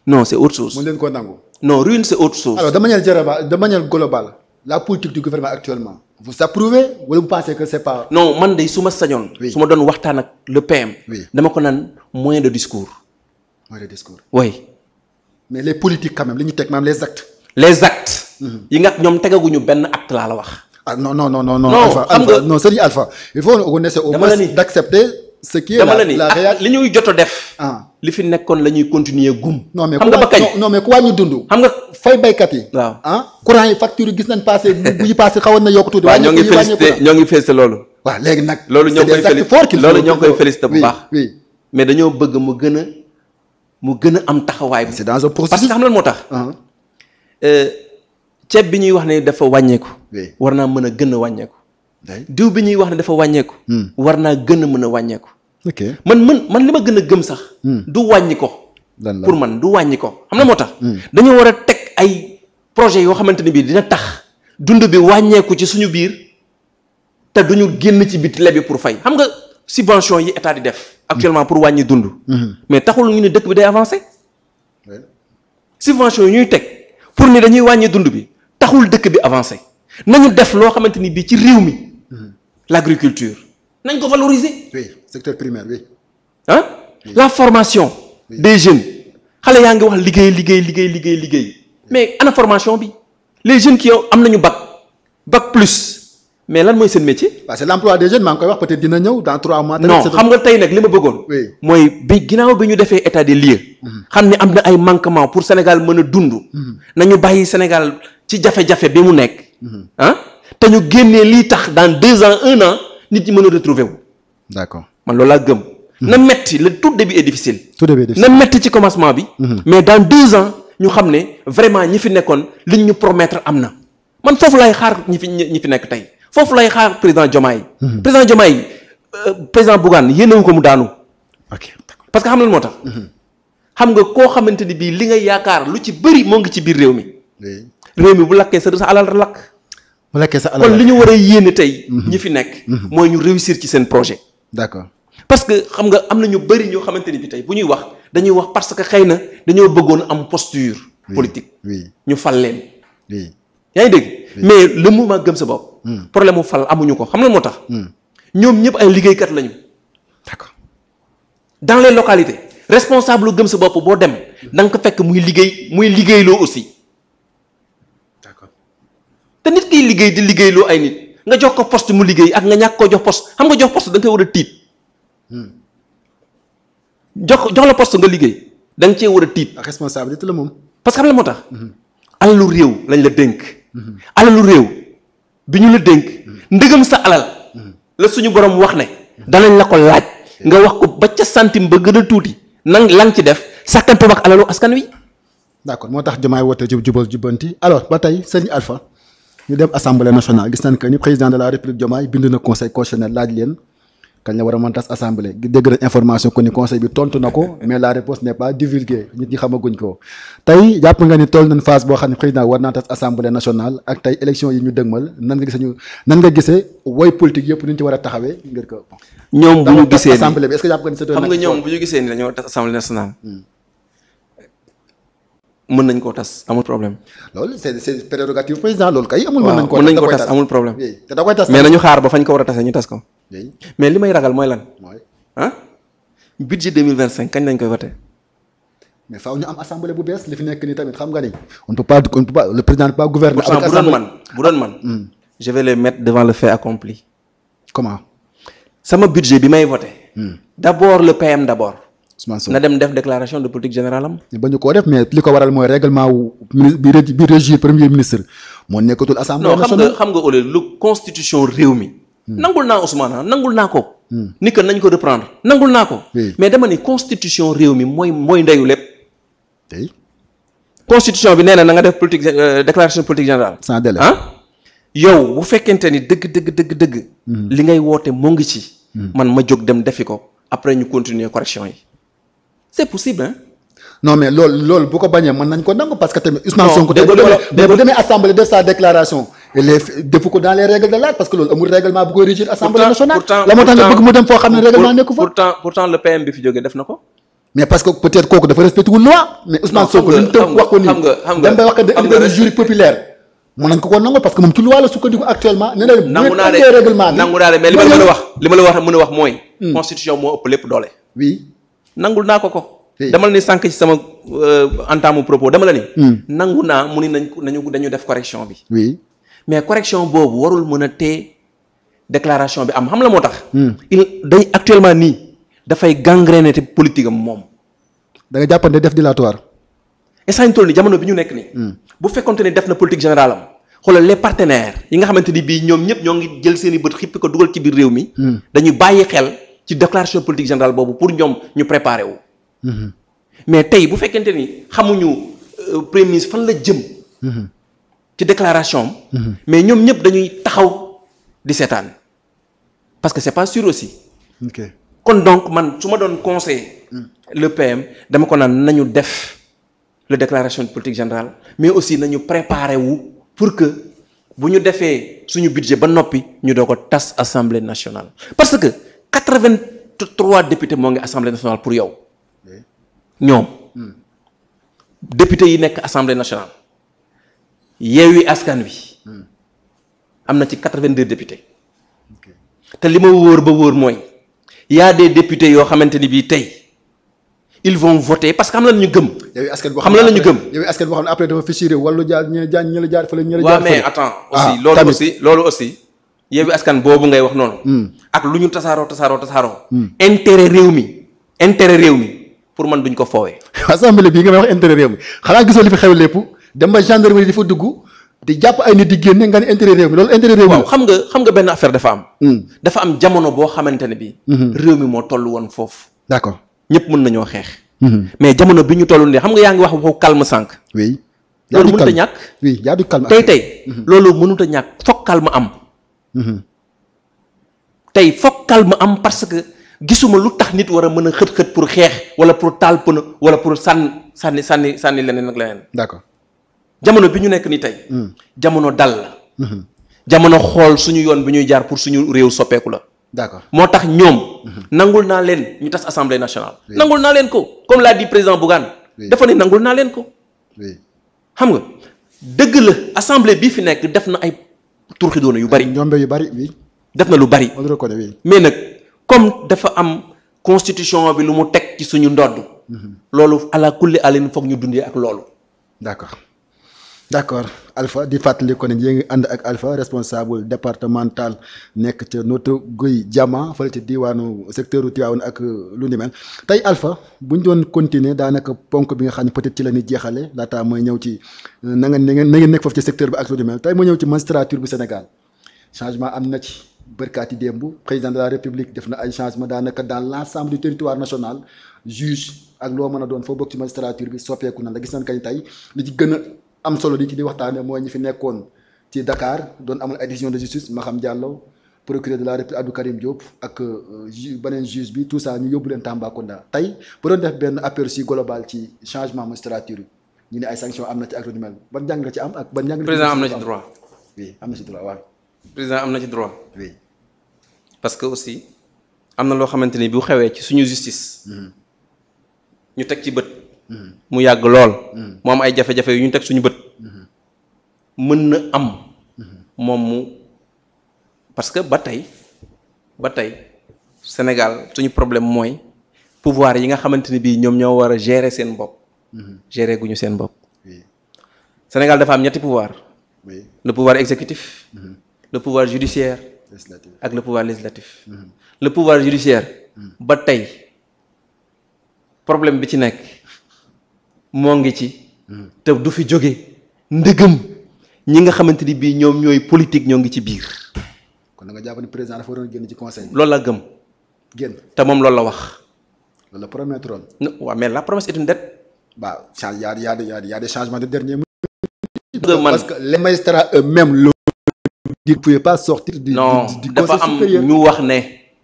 non c' est autre chose. mën leen koo nangu. non ruine c' est autre chose. alors de manière générale de manière globale la politique du gouvernement actuellement. vous approuvez wala vous pensez que c' pas. non man de su ma sañoon. su ma doon waxtaan ak le PM. dama ko naan moyen de discours. moyen de discours. oui. mais les politiques quand même li ñu teg maanaam les actes. les actes. Mhm. yi nga ñoom tegaguñu benn acte laa la wax. ah non non non non. non Alpha Alpha non Serigne Alpha il faut qu'on essaie au moins d'accepter ce qui est la ah, li ñuy jot a def. Ah. li fi nekkoon la ñuy continuer gum. xam nga ba kañ non mais ku wàññi dund. xam nga fay baykat yi. waaw ah courant yi facture yi gis nañ passé bu yi passé xawoon na yokk tuuti. waaw ñoo ngi félicité ñoo ngi félicité loolu. waaw léegi nag. loolu ñoo koy félicité loolu ñoo koy bu baax. mais dañoo bëgg mu gën a mu gën a am taxawaay. c'est dans un processus parce xam nga moo tax. Ah. Euh, ceeb bi ñuy wax ne dafa wàññeeku. war naa mën a gën a wàññeeku. diw bi ñuy wax ne dafa wàññeeku. Hmm. war naa gën a mën a wàññeeku man man man li ma gën a gëm sax. Hmm. du wàññi ko. pour man du wàññi ko xam na moo tax. Hmm. dañoo war a teg ay projet yoo xamante ne bii dina tax dund bi wàññeeku ci suñu biir te duñu génn ci biti lebi pour fay xam nga subvention yi état di def. actuellement pour wàññi dund. Hmm. mais taxul ñu ne dëkk bi day avancé. subvention yi ñuy teg pour ni dañuy wàññi dund bi taxul dëkk bi avancé nañu def loo xamante ni bii ci réew mi. l'agriculture nañ ko valoriser. secteur primaire bi. la formation. des jeunes xale yaa ngi wax liggéey liggéey liggéey liggéey liggéey mais ana formation bi les jeunes qui am nañu bac bac plus. mais lan mooy seen métier. waaw c'est l'emploi des jeunes maa ngi koy wax peut-être dina ñëw dans trois mois. non xam nga tey nag li ma bëggoon. mooy bi ginnaaw bi ñu defee état des lieux. Mhm. xam ne am na ay manquement pour Sénégal mën a dund. Mhm. nañu bàyyi Sénégal ci jafe-jafe bi mu nekk. ah te ñu génnee lii tax dans deux ans un an nit ñi mën a retrouver wu. man loolu laa gëm. na metti le tout début est difficile. tout début est difficile na metti ci commencement bi. Mhm. mais dans deux ans ñu xam ne vraiment ñi fi nekkoon li ñu promettre am na man foofu lay xaar ñi fi ñi fi nekk tey foofu lay xaar président Diomaye. Mhm. président Diomaye euh, président Bougane yéenewu ko mu daanu. ok parce que xam lan moo tax. Mhm. xam nga koo xamante ni bii li nga yaakaar lu ci bëri moo ngi ci biir réew mi. réew mi bu lakkee sa sa alal lakk. bu lakkee sa kon li ñu war a yéene tey. ñi fi nekk. mooy ñu réussir ci seen projet. d'accord. parce que xam nga am na ñu bëri ñoo xamante ni bi tey bu ñuy wax dañuy wax parce que xëy na dañoo bëggoon am posture politique ñu fal leen yaa ngi dégg mais mu mouvement gëm sa bopp hmm. problème mu fal amuñu ko xam na moo tax hmm. ñoom ñëpp ay liggéeykat lañu d'accord dans les gëm sa bopp boo dem da nga ko fekk muy liggéey muy liggéeyloo aussi d'accord te nit kiy liggéey di liggéeyloo ay nit nga jox ko poste mu liggéey ak nga ñàkk koo jox poste xam nga jox poste da nga koy war a tiit jox jox la poste nga liggéey da nga cee war a tiit. Ah, responsabilité la moom. parce que xam la moo tax. Mhm. alalu réew lañ la dénk. alalu réew bi ñu la dénk. ndëgam sa alal. Mhm. la suñu borom wax ne. danañ la ko laaj. nga wax ko ba ca centime ba gën a tuuti. nan la ci def sàkkantu ak alalu askan wi. d'accord moo tax jamaay woote jub jubal jubbanti alors ba tey sëñ Alpha ñu dem assemblée nationale gis nañ que ni président de la république bind na conseil constitutionnel laaj leen. kañ la war a mën tas assemblée dégg nañ information que ni conseil bi tontu na ko mais la réponse n'est pas nit ñi xamaguñ ko tey jàpp nga ni toll nañ phase boo xam ne xëy naa war naa tas assemblée nationale ak tey élection yi ñu dëgmal nan nga gisee ñu nan nga gisee woy politique yëpp ni ñu ci war a taxawee ngir ko. ñoom bu ñu gisee nii assemblée ni xam nga tas assemblée nationale. Hmm. mën nañ koo tas amul problème. loolu c'est c'est prérogative président loolu kay. mais nañu xaar ba fañ ko war a tase ñu tas ko. mais li may ragal mooy lan. ah budget 2025 kañ lañ koy voté. mais faaw ñu am assemblée bu bees li fi nekk nii tamit xam nga ni. on peut pas bu doon man bu doon man. Hmm. je vais les mettre devant le fait accompli. sama budget bi may voté. Hmm. d' le PM d' abord. Ousmane na dem def déclaration de politique générale am. bañ ñu koo def mais li ko waral mooy règlement wu ministre bi régir premier ministre moo nekkatul assemblée nationale. non xam nga xam nga lu constitution réew mi. Hmm. nangul naa Ousmane ah, nangul naa ko. Hmm. ni que nañ ko reprendre nangul naa ko. mais dama ni constitution réew mi mooy mooy ndeyu lépp. tey. constitution bi nee na na nga def politique euh, déclaration politique générale. sans délai ah. yow bu fekkente ni dëgg dëgg dëgg dëgg. Hmm. li ngay woote moo ngi ci. man ma jóg dem defi ko après ñu continuer correction yi. c'est possible hein. non mais loolu loolu bu ko bañee mën nañ ko nangu parce que tamit Ousmane Sonko tey bu bu demee assemblée def sa déclaration defu ko dans les règles de parce que loolu amul règlement bu koy régir assemblée nationale la moo tax nga bëgg mu foo xam ne règlement nekku fa pourtant pourtant le fi jógee def na ko mais parce que peut-être kooku dafa respecté wul loi mais Ousmane Sonko li mu tënk wax ko nii dem wax ko de règlement bi nangu naa nangul naa ko ko. dama la ni sànq ci sama euh, entamu propos dama la ni. Hmm. nangu naa mu ni nañ nañu dañu def correction bi. oui mais correction boobu warul mën a tee déclaration bi am xam la moo tax. Hmm. il day actuellement nii dafay gangréné te politique am moom. da nga jàppante def dilatoire. instant toll nii jamono bi ñu nekk ni hmm. bu fekkonte ne def na politique générale am. xoolal les partenaires yi nga xamante ni bii ñoom ñëpp ñoo ngi jël seen i bët xippi ko dugal ci biir réew mi. dañuy bàyyi xel. ci déclaration politique générale boobu pour ñoom ñu préparer mhm. mais tey bu fekkente ni xamuñu euh, premier ministre fan la jëm. Mhm. ci déclaration am. Mhm. mais ñoom ñëpp dañuy taxaw di seetaan parce que c'est pas sur aussi. ok kon donc man su ma doon conseil mm. le PM dama ko naan nañu def la déclaration de politique générale mais aussi nañu préparer wu pour que bu ñu defee suñu budget ba noppi ñu doo ko tas assemblée nationale parce que. quatre-vingt-trois députés moo ngi assemblée nationale pour yow ñoom député yi nekk assemblée nationale yeewi askan wi am na ci quatre-vingt-deux députés te li ma wóor ba wóor mooy y a des députés yoo xamante ni bii tey ils vont voter parce que xam lan ñu gëm. yow askan boo ñu gëm. yow askan boo xam ne après dafa fichier wala jaar ña jaar ña la jaar fële ña la jaar fële. waaw mais attends aussi ah, loolu aussi loolu aussi. Yewwi Askan boobu ngay wax noonu. Hmm. ak lu ñu tasaaroo tasaaroo tasaaroo. Hmm. intérêt réew mi intérêt réew mi pour man duñ ko foowee. assemblée bii nga may wax intérêt réew mi xanaa gisoo li fi xew lépp dem ba gendarmerie dafa dugg di jàpp ay nit di génne ne intérêt réew mi loolu intérêt xam nga xam nga benn affaire dafa am. Hmm. dafa am jamono boo xamante ne bii. réew mi moo toll woon foofu. d'accord ñëpp mën nañoo xeex. mais jamono bi ñu toll nii xam nga yaa ngi wax waxu calme sànq. oui yaa du calme loolu mënut a ñàkk. oui yaa a ñàkk foog calme am. Mhm. tey foog calme am parce que gisuma lu tax nit war a mën a xët-xët pour xeex wala pour taal pëna wala pour sànni sànni sànni sànni leneen ak leneen. d'accord jamono bi ñu nekk ni tey. Mhm. jamono dal la. Mhm. jamono xool suñu yoon bu ñuy jaar pour suñu réew soppeeku la. d'accord moo tax ñoom. nangul naa leen ñu tas assemblée nationale. nangul naa leen ko comme l'a dit président Bougane. dafa ne nangul naa leen ko. xam nga dëgg la assemblée bi fi nekk def na ay. turxi doona yu bari ñombe yu bari oui. def na lu bari. mais nag comme dafa am constitution bi lu mu teg ci suñu ndodd. Mhm. loolu ala kulli alin foog ñu dundee ak loolu. d'accord. d' accord Alpha di fàttali ko ne yéen ngi ànd ak Alpha responsable départemental nekk ca Notto Gouye Diama fële ci diwaanu secteur u Tivaouane ak lu ni mel tey Alpha bu ñu doon continuer daanaka ponk bi nga xam ne peut-être ci la ñuy jeexale laataa may ñëw ci euh, na nga na ngeen nekk ci secteur bi ak lu ni mel tey ma ñëw ci magistrature bu Sénégal changement am na ci bërkaati démb président de la république def na ay changement daanaka dans l' ensemble du territoire national juge ak loo mën a doon foo bokk ci bi soppeeku na la gis nañ kañ tey am solo di ci di waxtaanee mooy ñu fi nekkoon ci Dakar doon amal ay décision de justice Maham Diallo procureur de la République Abdou Karim Diop ak euh, ju beneen juge bi tout ça ñu yóbbu leen Tambacounda tey bu doon def benn aperçu global ci changement magistrature yi ñu ne ay sanctions am na ci ak lu ban njàng nga ci am ak ban njàng. président am na ci droit. am na ci droit président am na ci droit. oui parce que aussi am na loo xamante ni bu xewee ci suñu justice. Mm-hmm. ñu teg ci bët. Mm-hmm. mu yàgg lool mm-hmm. mu am ay jafe-jafe yu ñu teg suñu bët mm-hmm. mën na am mm-hmm. moom mu parce que ba tey ba tey Sénégal suñu problème mooy pouvoir yi nga xamante ni bii ñoom ñoo war a gérer seen bopp gérer guñu seen bopp Sénégal dafa am ñetti pouvoir le pouvoir exécutif le pouvoir judiciaire ak le pouvoir législatif le pouvoir judiciaire ba tey problème bi ci nekk moo ngi ci hmm. te du fi jóge ndëgëm ñi nga xamante ni bii ñoom ñooy politique ñoo ngi ci biir. kon da nga jàpp ni président dafa génn ci conseil loolu la gëm. génn te moom loolu la wax. loolu la promettre woon. waaw mais la promesse est une dette. waaw change y a y de dernier minute. que les magistrats eux-mêmes le ne pouvaient pas sortir. dafa am ñu wax ne.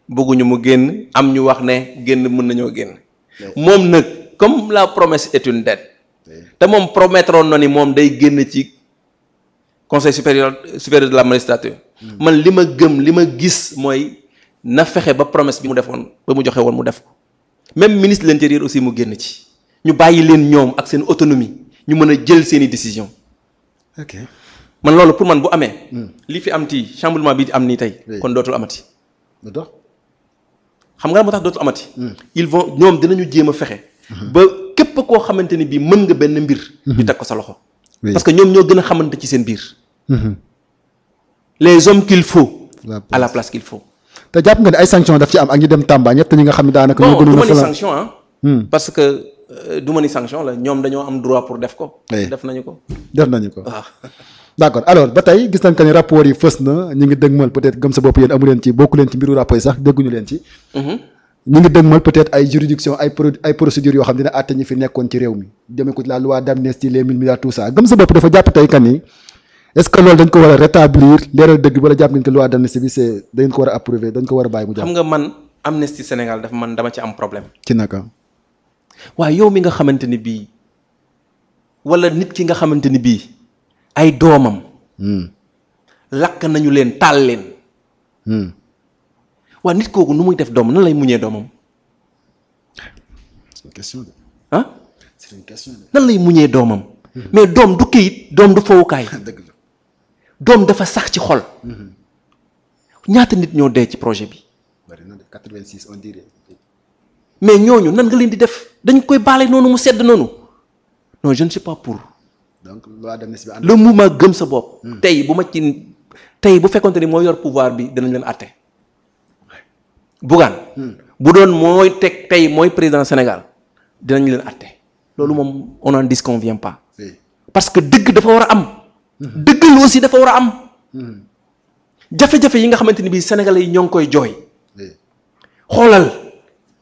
bëgguñu mu génn am ñu wax ne génn mën nañoo génn. moom nag. comme la promesse est une dette te moom promettroon na ni moom day génn ci conseil supérieur supérieur de la magistrature man li ma gëm li ma gis mooy na fexe ba promesse bi mu defoon ba mu joxe woon mu def ko même ministre de l'intérieur aussi mu génn ci ñu bàyyi leen ñoom ak seen autonomie ñu mën a jël seeni décision man loolu pour man bu amee hmm. li fi am ti chamboulement bi am nii tey kon dootul amati xam nga moo tax dootul amati hmm. ils vont ñoom dinañu jéem a fexe ba képp koo xamante ni bii mën nga benn mbir. ñu teg ko sa loxo. parce que ñoom ñoo gën a xamante ci seen biir. Mhm. les hommes qu'il faut. à la place qu'il faut. te jàpp nga ne ay sanctions daf ci am ak ñi dem Tamba ñett ñi nga xam ne daanaka. ñoo gënoon a fa la sanction hmm. parce que euh, du ma ni sanction la ñoom dañoo am droit pour def ko. def nañu ko. def nañu ko waaw. Ah. d' accord alors ba tey gis nañ que ni rapport yi fës na ñu ngi dëgmal peut-être gëm sa bopp yéen amu leen ci bokku leen ci mbiru rapport yi sax dégguñu leen ci. Mhm. ñu ngi dëgmal peut-être ay juridiction ay pro ay procédures yoo xam dina àtte ñi fi nekkoon ci réew mi demee ko ci la loi d'amnistie les mille milliards tout ça gëm sa bopp dafa jàpp tey kan ni est-ce que loolu dañ ko war a rétablir leeral dëgg bi wala jàpp ngeen ko loi d'amnistie bi ko war a approuver dañ ko war a bàyyi mu jàpp. xam nga man amnistie Sénégal dafa man dama ci am problème. ci naka. waaye yow mi nga xamante ni bii wala nit ki nga xamante ni bii ay doomam. Hmm. lakk nañu leen taal leen. Hmm. waa nit kooku nu muy def doom nan lay muñee doomam. c'est une lay muñee doomam. mais doom du këyit doom du fowukaay. dëgg doom dafa sax ci xol. Mhm. ñaata nit ñoo dee ci projet bi. bari na de 86 on dirait. mais ñooñu nan nga leen di def dañ koy baale noonu mu sedd noonu non je ne pour. donc loi d'amnistie bi le mouvement gëm sa bopp. Hmm. tey bu ma ci tey bu fekkonte ni mooy yor pouvoir bi danañ leen atte Bougane hmm. bu doon mooy teg tey mooy président Sénégal dinañu leen atte loolu moom on n'en disconvient pas parce que dëgg dafa war a am hmm. dëgg lu aussi dafa war a am hmm. jafe-jafe yi nga xamante ni bii sénégalais yi ñoo ngi koy jooy xoolal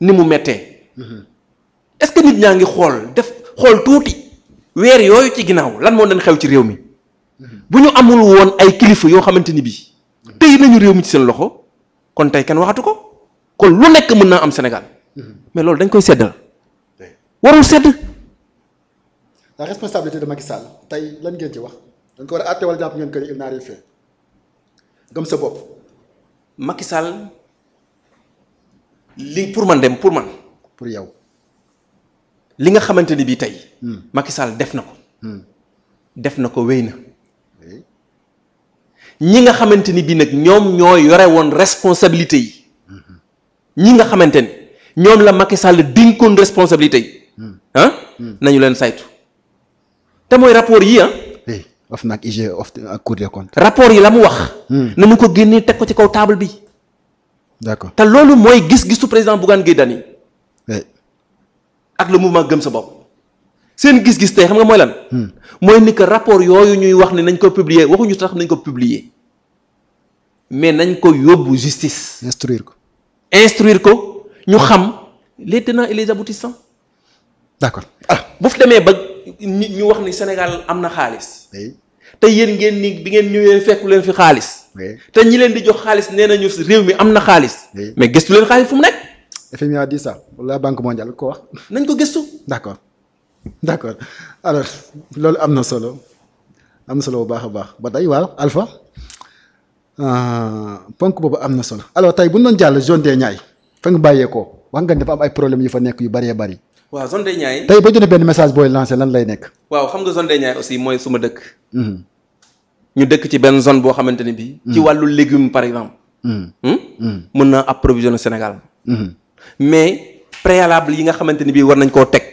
ni mu méttee est-ce que nit ñaa ngi xool def xool tuuti weer yooyu ci ginnaaw lan moo leen xew ci réew mi bu ñu amul woon ay kilifa yoo xamante ni bii tey nañu réew mi ci seen loxo kon tey kenn waxatu ko kon lu nekk mën naa am senegal mhm. mais loolu dañ koy seddal warul sedd. la responsabilité de Macky Sall tey lañ ngeen ci wax dañ ko war a àtte wala jàpp ngeen ko il n'a rien fait gëm sa bopp. Macky Sall li pour man dem pour man. pour yow. li nga xamante ni bii tey. Hmm. Macky Sall def na ko. Hmm. def na ko wéy na. ñi nga xamante ni bii nag ñoom ñoo yore woon responsabilité yi. ñi nga xamante ni ñoom la Macky Sall dénkoon responsabilité yi. ah nañu leen saytu. te mooy rapport yi ah. of nag IG of ak Cour des comptes. rapport yi la mu wax. Hmm. nañu ko génnee teg ko ci kaw table bi. d'accord te loolu mooy gis-gisu président Bougane Gueye Dany. ak le mouvement gëm sa bopp. seen gis-gis tey xam nga mooy lan. mooy ni que rapport yooyu ñuy wax ne nañ ko publier waxuñu tax nañ ko publier mais nañ ko yóbbu justice. instruire ko. instruire ko ñu xam les na et les aboutissants. d' accord ah bu fi demee ba nit ñu wax ni Sénégal am na xaalis. te yéen ngeen ni bi ngeen ñëwee fekku leen fi xaalis. te ñi leen di jox xaalis nee nañu réew mi am na xaalis. mais gëstu leen xaalis fu mu nekk. FMI a dit ça la banque mondiale ko wax. nañ ko gestu d' accord d' accord alors loolu am na solo am solo bu baax a baax ba tey waaw alfa Ah, ponk boobu am na solo alors tey bu ñu doon jàll zone des Niayes fa nga bàyyeekoo wax nga dafa am ay problèmes yu fa nekk yu bëree bëri. waaw zone des Niayes. tey ba jëlee benn message booy lancé lan lay nekk. waaw xam nga zone des Niayes aussi mooy suma dëkk. Mhm. ñu dëkk ci benn zone boo xamante ni ci mhm. wàllu légume par exemple. Mhm. Hmm? mën na approvisionner Sénégal. mais préalable yi nga xamante ni bii war nañ koo teg.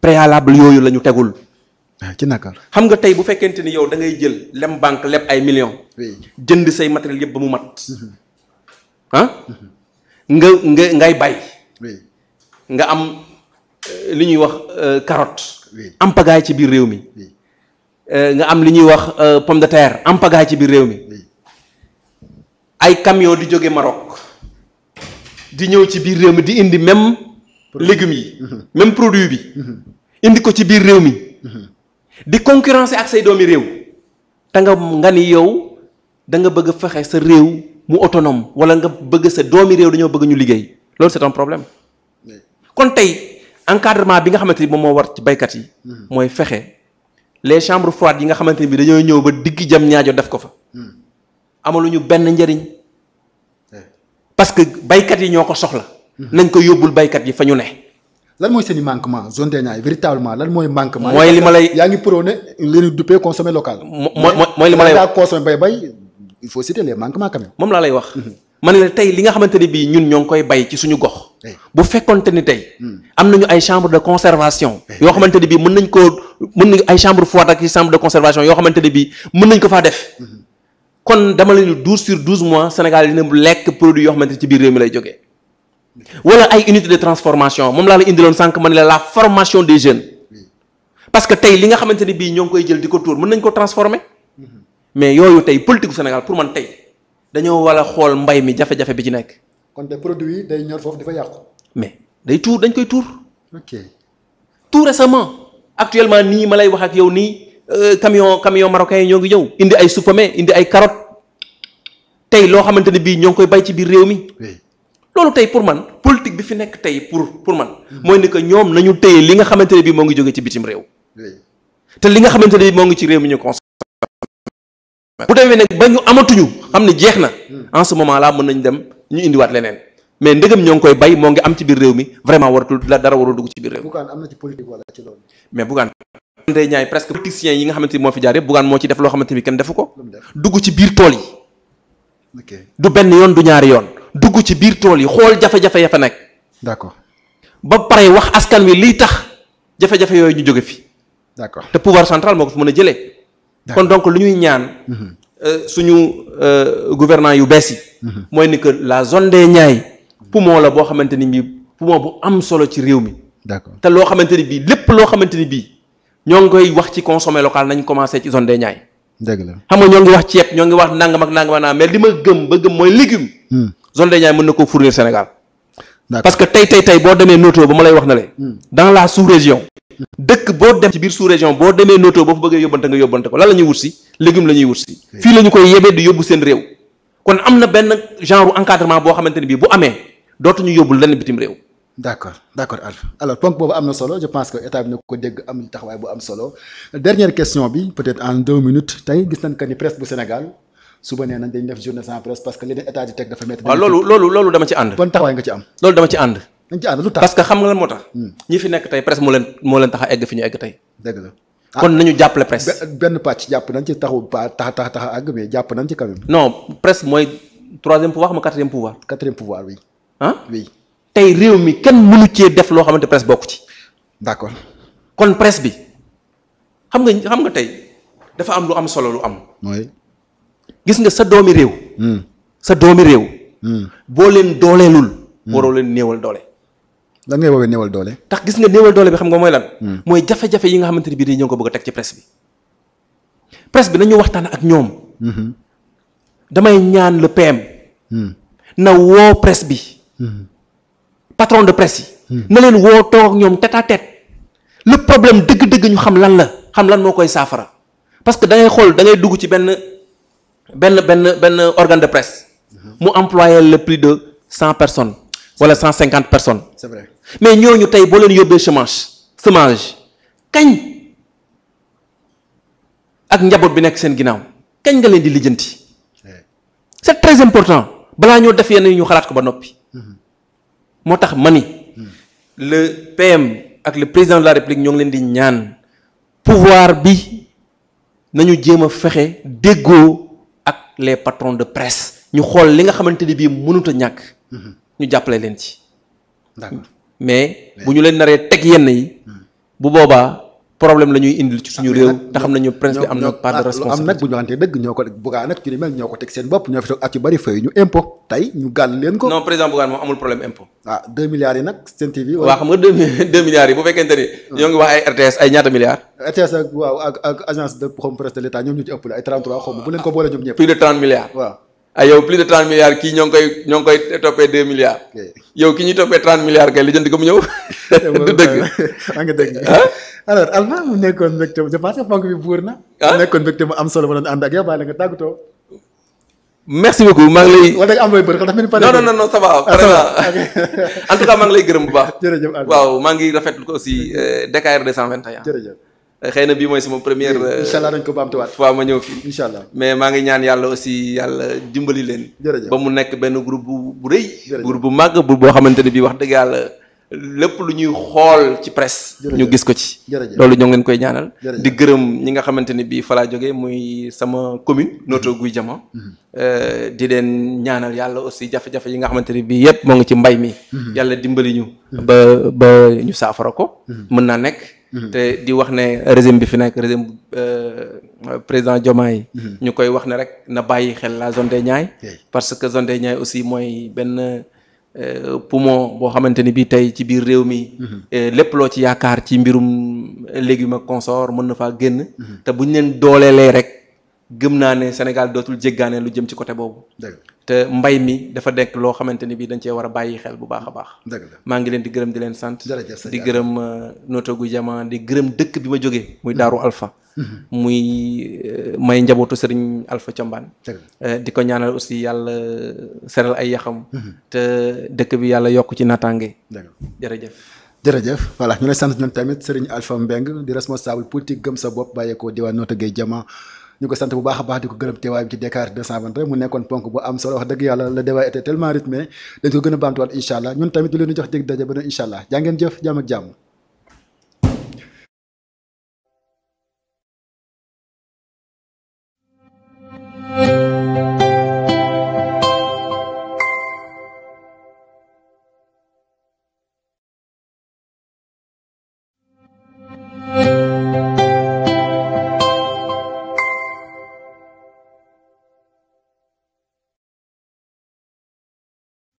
préalable yooyu la ñu tegul. Ah, ci naka xam nga tey bu fekkente ni yow da ngay jël lem banque leb ay million jënd say matériel yëpp ba mu mat. Mhm. ah mhm. nga ngay bay. nga am li ñuy wax carotte. Euh, am pagaay ci biir réew mi. nga am li ñuy wax pomme de terre am ci biir réew mi. ay camion di jóge Maroc. di ñëw ci biir réew mi di indi même légumes yi. Mhm. même produit bi. indi ko ci biir réew mi. di concurrencer ak say doomi réew te nga nga ni yow da nga bëgg fexe sa réew mu autonome wala nga bëgg sa doomi réew dañoo bëgg ñu liggéey loolu c'est un problème kon tey encadrement bi nga xamante ni moom moo war ci baykat yi hmm. mooy fexe les chambres froides yi nga xamante ni bi dañoo ñëw ba digg jam ñaajo def ko fa hmm. amalu ñu benn njariñ parce que baykat yi ñoo ko soxla hmm. nañ ko yóbbul baykat yi fa ñu ne lan mooy seen i manquement zone des Niayes véritablement lan mooy manquement. mooy li ma lay yaa ngi prôné li ñu duppee consommer mooy li lay moom laa lay wax. Mhm. ma ne la tey li nga xamante ne bii ñun ñoo ngi koy bay ci suñu gox. Eh. bu fekkonte ni tey. Hmm. am nañu ay chambre eh. de conservation. yoo xamante ne bii mën nañ koo mën nañ ay chambre froide ak chambre de conservation yoo xamante ne bii mën nañ ko faa def. Hmm. kon dama la ñu douze sur douze mois Sénégal dina lekk produit yoo xamante ci biir réew mi lay jógee. wala ay unité de transformation moom laa la indiloon sànq man la la formation des jeunes parce que tey li nga xamante ne bii ñoo ngi koy jël di ko tuur mën nañ ko transformer mais yooyu tey politique Sénégal pour man tey dañoo war a xool mbay mi jafe-jafe bi ci nekk. kon te produit yi day ñor foofu dafa yàqu. mais day tuur dañ koy tuur. ok tout récemment actuellement nii ma lay wax ak yow nii euh, camion camion marocain yi ñoo ngi ñëw indi ay supame indi ay carottes tey loo xamante ne bii ñoo ngi koy bay ci biir réew mi. loolu tey pour man politique bi fi nekk tey pour pour man mooy ni que ñoom nañu téye li nga xamante ne bii moo ngi jóge ci bitim réew te li nga xamante ne moo ngi ci réew mi ñu consommé bu demee nag ba ñu amatuñu xam ne jeex na en ce moment là dem ñu indiwaat leneen mais ndëgëm ñoo koy bay ngi am ci biir réew mi vraiment waratul dara warul dugg ci biir réew mi. Bougane am na ci politique mais Bougane day ñaay presque yi nga xamante ni moo fi jaar yëpp Bougane moo ci def loo xamante ni kenn defu ko. dugg ci biir tool yi. du benn yoon du ñaari yoon. dugg ci biir tool yi xool jafe-jafe ya fa nekk. ba pare wax askan wi lii tax jafe-jafe yooyu ñu jóge fi. d'accord te pouvoir central moo ko fi mën a jëlee. kon donc lu ñuy ñaan. Mhm. Euh, suñu euh, gouvernants yu bees yi. Mhm. mooy ni que la zone de Niayes poumon la boo xamante ni bii poumon bu am solo ci réew mi. d'accord te loo xamante ni bii lépp loo xamante ni bii ñoo ngi koy wax ci consommer local nañ commencé ci zone des Niayes. dëgg la xam nga ñoo ngi wax ceeb ñoo ngi wax nangam ak nangam ak mais li ma gëm ba gëm mooy zone des Niayes mën na ko fournir Sénégal. parce que tey tey tey boo demee noto ba ma lay wax na le hmm. la sous-région. Hmm. dëkk boo dem ci biir sous-région boo demee noto boo fa bëggee yóbbante nga yóbbante ko lan la ñuy wut si légume la ñuy wut si. Hmm. fii la ñu koy yebee di yóbbu seen réew. kon am na benn genre encadrement boo xamante ne bii bu amee dootuñu yóbbul lenn bitim réew. d' accord alors ponk boobu am na solo je pense que état bi na ko dégg am taxawaay bu am solo dernière question bi peut en deux minutes tey gis nañ que ni presse Sénégal. suba nee dañ def journée sans presse parce que li état di teg dafa métti. waaw loolu loolu loolu dama ci ànd. ban taxawaay nga ci am. loolu dama ci ànd. parce que hmm. tey presse moo leen moo leen a egg fi ñu egg tey. dëgg la ah. kon jàpp nañ ci taxu pa tax tax tax àgg mais jàpp nañ ci quand même. non presse mooy troisième pouvoir ma quatrième tey réew mi kenn mënu cee def loo xamante presse bokk ci. d'accord kon presse bi xam nga xam nga tey dafa am lu am solo lu am. gis nga sa doomi réew. Hmm. sa doomi réew. Hmm. boo leen dooleelul. Hmm. waroo leen néewal doole. lan ngay woowee néewal doole. tax gis nga néewal doole bi xam nga mooy lan. mooy jafe-jafe yi nga xamante ne bii dañoo ko bëgg a teg ci presse bi. presse bi nañu waxtaan ak ñoom. damay ñaan le PM. na woo presse bi. patron de presse yi. na leen woo toog ak ñoom tête à tête. problème dëgg-dëgg ñu xam lan la xam lan moo koy saafara parce que xool da dugg ci benn. benn benn benn organe de presse. mu employé le plus de cent personnes. wala cent cinquante personnes. c'est mais ñooñu tey boo leen yóbbee chômage chômage kañ ak njaboot bi nekk seen ginnaaw kañ nga leen di lijjanti. c'est très important balaa ñoo def yenn ñu xalaat ko ba noppi. Mm-hmm. moo tax ma ni. Mm-hmm. le PM ak le président de la République ñoo ngi leen di ñaan pouvoir bi nañu jéem a fexe déggoo. les patrons de presse ñu xool li nga xamante ni bii mënut a ñàkk mhm. ñu jàppale leen ci d'accord mais bu ñu leen naree teg yenn yi mhm. bu boobaa problème la ñuy indil ci suñu ah, réew te xam nañu prince bi de ah, am nag bu ñu waxantee dëgg ñoo ko Bougane nag ci mel ñoo ko teg seen bopp ñoo fi toog ak ci bëri fay ñu impôt tey ñu gàll leen ko non président de xom presse ñu ci ëppale ay 33 xom bu leen ko boole ñoom ñëpp plus de 30 milliards waaw ay ah, yow plus de 30 milliards kii ñoo koy toppee 2 milliards yow ki ñuy toppee 30 milliards kay li jënd ko mu ñëw du dëgg alors Alma mu nekkoon mbégte je pense que ponk ah? mu am solo ma doon ànd ak yow bàyyi la nga merci beaucoup maa ngi lay. wala nga am looy bëri xam dafa mel pare. non non non ah, maa ngi lay gërëm bu baax. jërëjëf Alma waaw maa ngi rafetlu ko aussi euh, DKR 221. jërëjëf. Euh, xëy na bii mooy sama première. Euh, incha allah dañ ko baamtuwaat fois ma ñëw fii. incha allah mais maa ngi ñaan yàlla aussi yàlla dimbali leen. ba mu nekk benn groupe bu bu rëy. groupe bu màgg bu boo xamante ne bii wax dëgg yàlla lépp lu ñuy xool ci presse. ñu gis ko ci. loolu ñoo ngeen koy ñaanal. di gërëm ñi nga xamante ni bii fa laa jógee muy sama commune. Mm-hmm. Notto Gouye Diama. Mm-hmm. Eh, di leen ñaanal yàlla aussi jafe-jafe yi nga xamante ni bii yëpp moo ngi ci mbay mi. Mm-hmm. yàlla dimbali ñu. ba ba ñu saafara ko. mën naa nekk. te di wax ne régime bi fi nekk régime eh, président Diomaye ñu koy wax ne rek na bàyyi xel la zone des Niayes. parce que zone des Niayes aussi mooy benn. Euh, poumon boo xamante ni bii tey ci biir réew mi. Mhm. Euh, lépp loo ci yaakaar ci mbirum légumes ak consort mën na faa génn. Mhm. te bu ñu leen dooleelee rek. gëm naa ne Sénégal dootul jéggaane lu jëm ci côté boobu. te mbay mi dafa nekk loo xamante ni bii dañ cee war a bàyyi xel bu baax a baax. maa ngi leen di gërëm di leen sant. di gërëm euh, Notoogu Jama di gërëm dëkk bi ma jógee. muy Daaru mm-hmm. Alpha. Mm-hmm. muy euh, may njabootu sëriñ Alpha Thiambane. Euh, di ko ñaanal aussi yàlla seral ay yaxam. Mm-hmm. te dëkk bi yàlla yokk ci naataange. jërëjëf. jërëjëf voilà ñu lay sant nañ tamit Serigne Alpha Mbeng di responsable politique gëm sa bopp bàyyeekoo diwaan Notoogu Jama ñu ko sant bu baax a baax di ko gërëm teewaay bi ci Dakar 221 mu nekkoon ponk bu am solo wax dëgg yàlla le débat était tellement rythmé dañ ko gën a baamtuwaat incha allah tamit du leen di jox dégg daje ba ne incha allah jëf jàmm ak jàmm